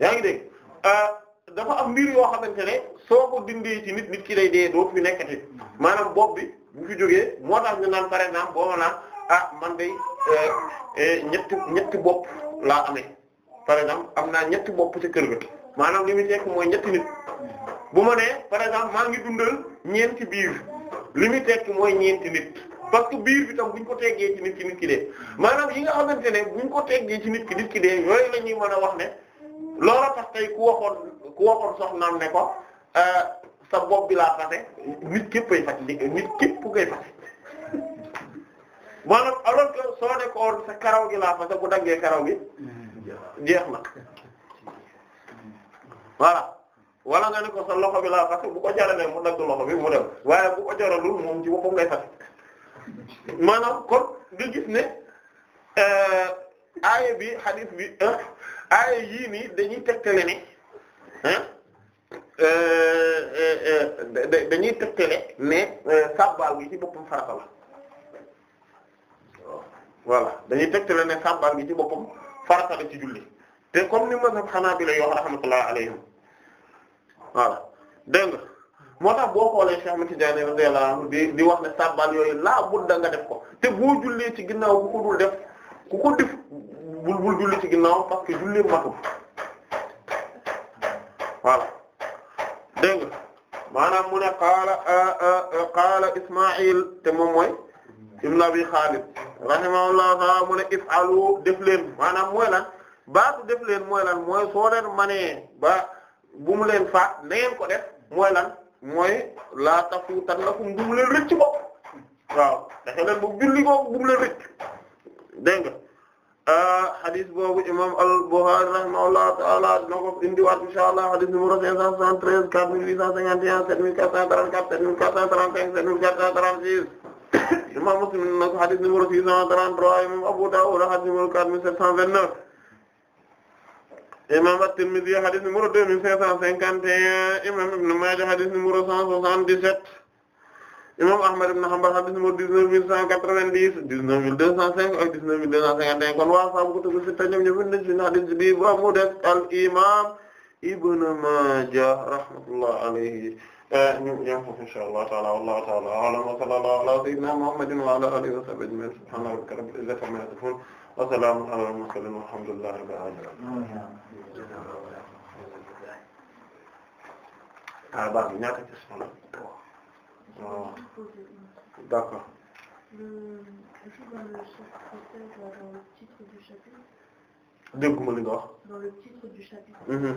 yaa ngi dégg euh, dafa am mbir yoo xamante ne soo ko dindee ci nit nit ki day dee doo fi nekkati maanaam bopp bi bu fi jógee moo tax ñu naan par exemple boo ma naan ah man day euh, euh, ñetti ñetti bopp laa amee par exemple am naa ñetti bopp ci kër ga maanaam li muy tekk ñetti nit bu ma nee par exemple maa ngi dundal ñeenti biir li muy tekk mooy ñeenti nit parce que biir bi tam buñ ko teggee ci nit ki nit ki dee maanaam yi nga xamante ne buñ ko teggee ci nit ki nit ki dee yooyu la ñuy mën a wax ne loola tax tey ku waxoon ku waxoon soxnaam ne ko euh, sa bopp bi laa fase nit képpay fas nit képp koy fas maanaam alors que soo nekkoon sa karaw gi laa fase bu daggee karaw gi jeex na voilà wala nga ne ko sa loxo bi laa fase bu ko jaralee mu dagg loxo bi mu dem waaye bu ko jaralul moom ci boppam lay fase maanaam kon nga gis ne euh, aaya bi hadith bi euh, aaya yii nii dañuy tegtale ne Euh, euh, euh, dañuy tëkkale ne sabbal gi ci boppam farata la voilà dañuy tëkkale ne sabbal gi ci boppam farata ci julli te comme ni mazhab Hanabila yoo rahmatullah alayhim voilà dégg nga moo tax boo xoolee Cheikh Ahmed Tidiane radiyallahu anhu di di wax ne sabbal yooyu laa budda nga def ko te boo jullee ci ginnaaw ku ko dul def ku ko def bul bul julli ci ginnaaw parce que julli matul. voilà dégg nga maanaam mu ne qaala Isma'il te moom mooy ibn Abi Khalid rahimahullahu ta'ala mu ne if'alu def leen maanaam mooy lan baatu def leen mooy lan mooy soo manee ba bu mu leen ko def mooy lan mooy laa tafuutannakum bu mu leen rëcc bopp waaw daxe leen bu julli ko bu mu leen nga hadis ah, boobu imam al-Bukhari rahimahullahu ta'ala dina ko indiwaat inshallah hadis numéro 573 4851 7434 7435 7436 imam Muslim na ko hadis numéro 633 imam Abu Dawud hadis numéro 4729 imam at-Tirmidhi hadis numéro 2551 imam Ibn Majah hadis numéro 177 imam Ahmad ibn Hanbal hadith numéro dix-neuf mille cent quatre-vingt-dix dix-neuf mille deux cent cinq ak dix-neuf mille deux cent cinquante et un kon waa saabu kutubu sitta ñoom ñëpp nañ ci hadith bi ba mu def al imam Ibn Majah rahmatullah alayhi ñu ñëw foofu inshallah ta'ala wallahu ta'ala a'lam wa sallallahu ala sayyidina Muhammadin wa ala alihi wa sahbihi ajma'in subhana rabbika rabbil izzati amma yasifun wa salamun ala al mursalin walhamdulillahi rabbil alamin waaw ah. d'accord. dégguma li nga wax. dans le titre du chapitre. Mm-hmm.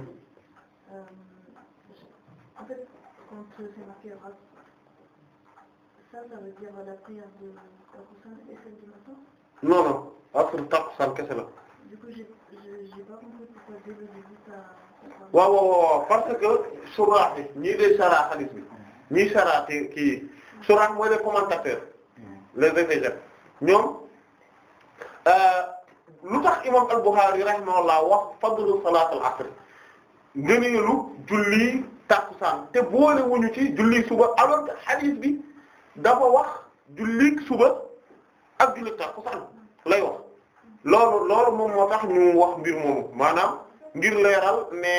euh, en fait quand c'est marqué rap ça ça veut dire la prière de takusaan et celle du matin. non non après takusaan kese la. du coup j'ai j'ai pas compris pourquoi dès le début ça. waaw waaw waaw parce que suraax bi ñii day saraa xadiis bi. ñiy saraate kii surah mooy les commentateurs hmm. les exégètes ñoom euh, lu tax imam al-Bukhari wax fadlu salaatul asr ngëneelu julli tàkkusaan te boole wuñu ci julli suba alors que hadith bi dafa wax julli suba ak julli tàkkusaan lay wax loolu moom moo tax ñu wax mbir moomu maanaam ngir leeral ne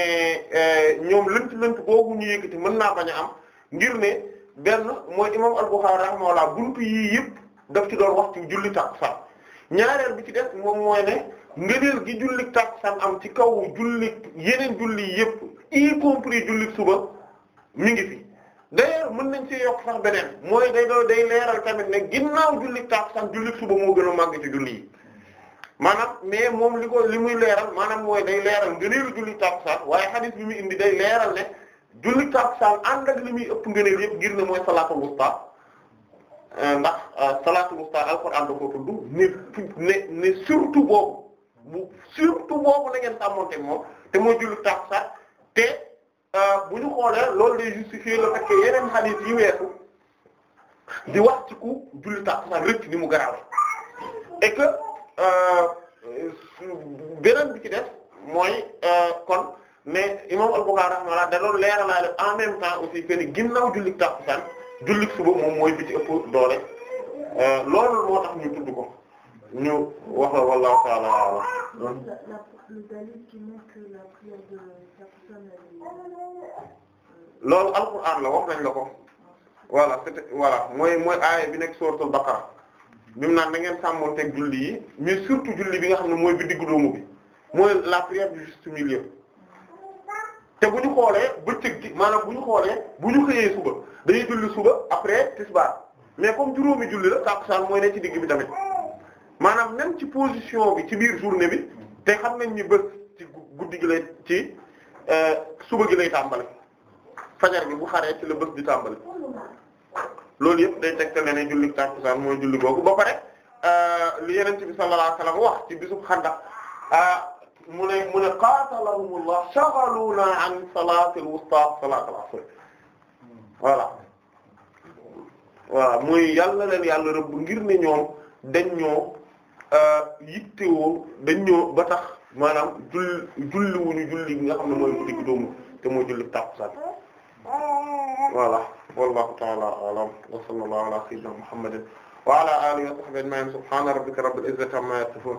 euh, ñoom lënt-lënt boobu ñu yëkkati mën naa bañ a am ngir ne benn mooy imam al-Bukhari rahimahullah buntu yii yëpp daf ci doon wax ci julli tàkkusaan ñaareel bi ci def moom mooy ne ngëneel gi julli tàkkusaan am ci kaw julli yeneen julli yëpp y compris julli suba mi ngi fi d'ailleurs mën nañ ci yokk sax beneen mooy day doo day leeral tamit ne ginnaaw julli tàkkusaan julli suba moo gën a màgg ci julli yi maanaam mais moom li ko li muy leeral maanaam mooy day leeral ngëneelu julli tàkkusaan waaye hadith bi mu indi day leeral ne julli tàkkusaan ànd ak li muy ëpp ngëneel yëpp ngir ne mooy salaatul wusta euh, ndax euh, salaatul wusta alxuraan da ko tudd ne ne ne surtout boobu surtout boobu la ngeen sàmmonte moom te mooy julli tàkkusaan te euh, bu ñu xoolee loolu day justifier le fait que yeneen hadith yi weesu di wax ci ku julli tàkkusaan rëcc ni mu garaawee et beneen bi ci def mooy kon. mais imam Al-Bukhârî rahimahullah da doon leeralaale en même temps aussi que ni ginnaaw jullit tàkkusaan suba moom mooy bi ci ëpp doole euh, loolu moo tax ñu tudd ko ñu wax mooy mooy bi nekk suuratul Baqara naan da ngeen sàmmoon teg julli yi mais surtout julli bi nga xam ne mooy bi diggu doomu bi mooy la prière du juste milieu te bu ñu xoolee bëccëg gi maanaam bu ñu xoolee bu ñu xëyee suba dañuy julli suba après tisbaar mais comme juróomi julli la tàkkusaan mooy ne ci digg bi tamit maanaam même ci position bi ci biir journée bi te xam nañ ni bës ci guddi gi lay ci euh, suba gi lay tàmbali fajar bi bu xaree ci la bës di tàmbali loolu yëpp day tegtale ne julli tàkkusaan mooy julli googu ba pare euh, li yeneen bi sallallahu alayhi wasallam wax ci bisub Xandaq euh, mu ne mu ne qatalahumullah shaghaluna an salatil wusta salatil asr voilà voilà muy yàlla leen yàlla rëbb ngir ne ñoom dañ ñoo euh, yittewoo dañ ñoo ba tax maanaam jull julli wuñu julli bi nga xam ne mooy bu digg doomu te mooy julli tàkkusaan voilà wallahu ta'ala a'lam wa sallallahu ala sayyidina muhammadin wa ala alihi wa sahbihi ajma'in subhana rabbika rabbil izzati amma yasifun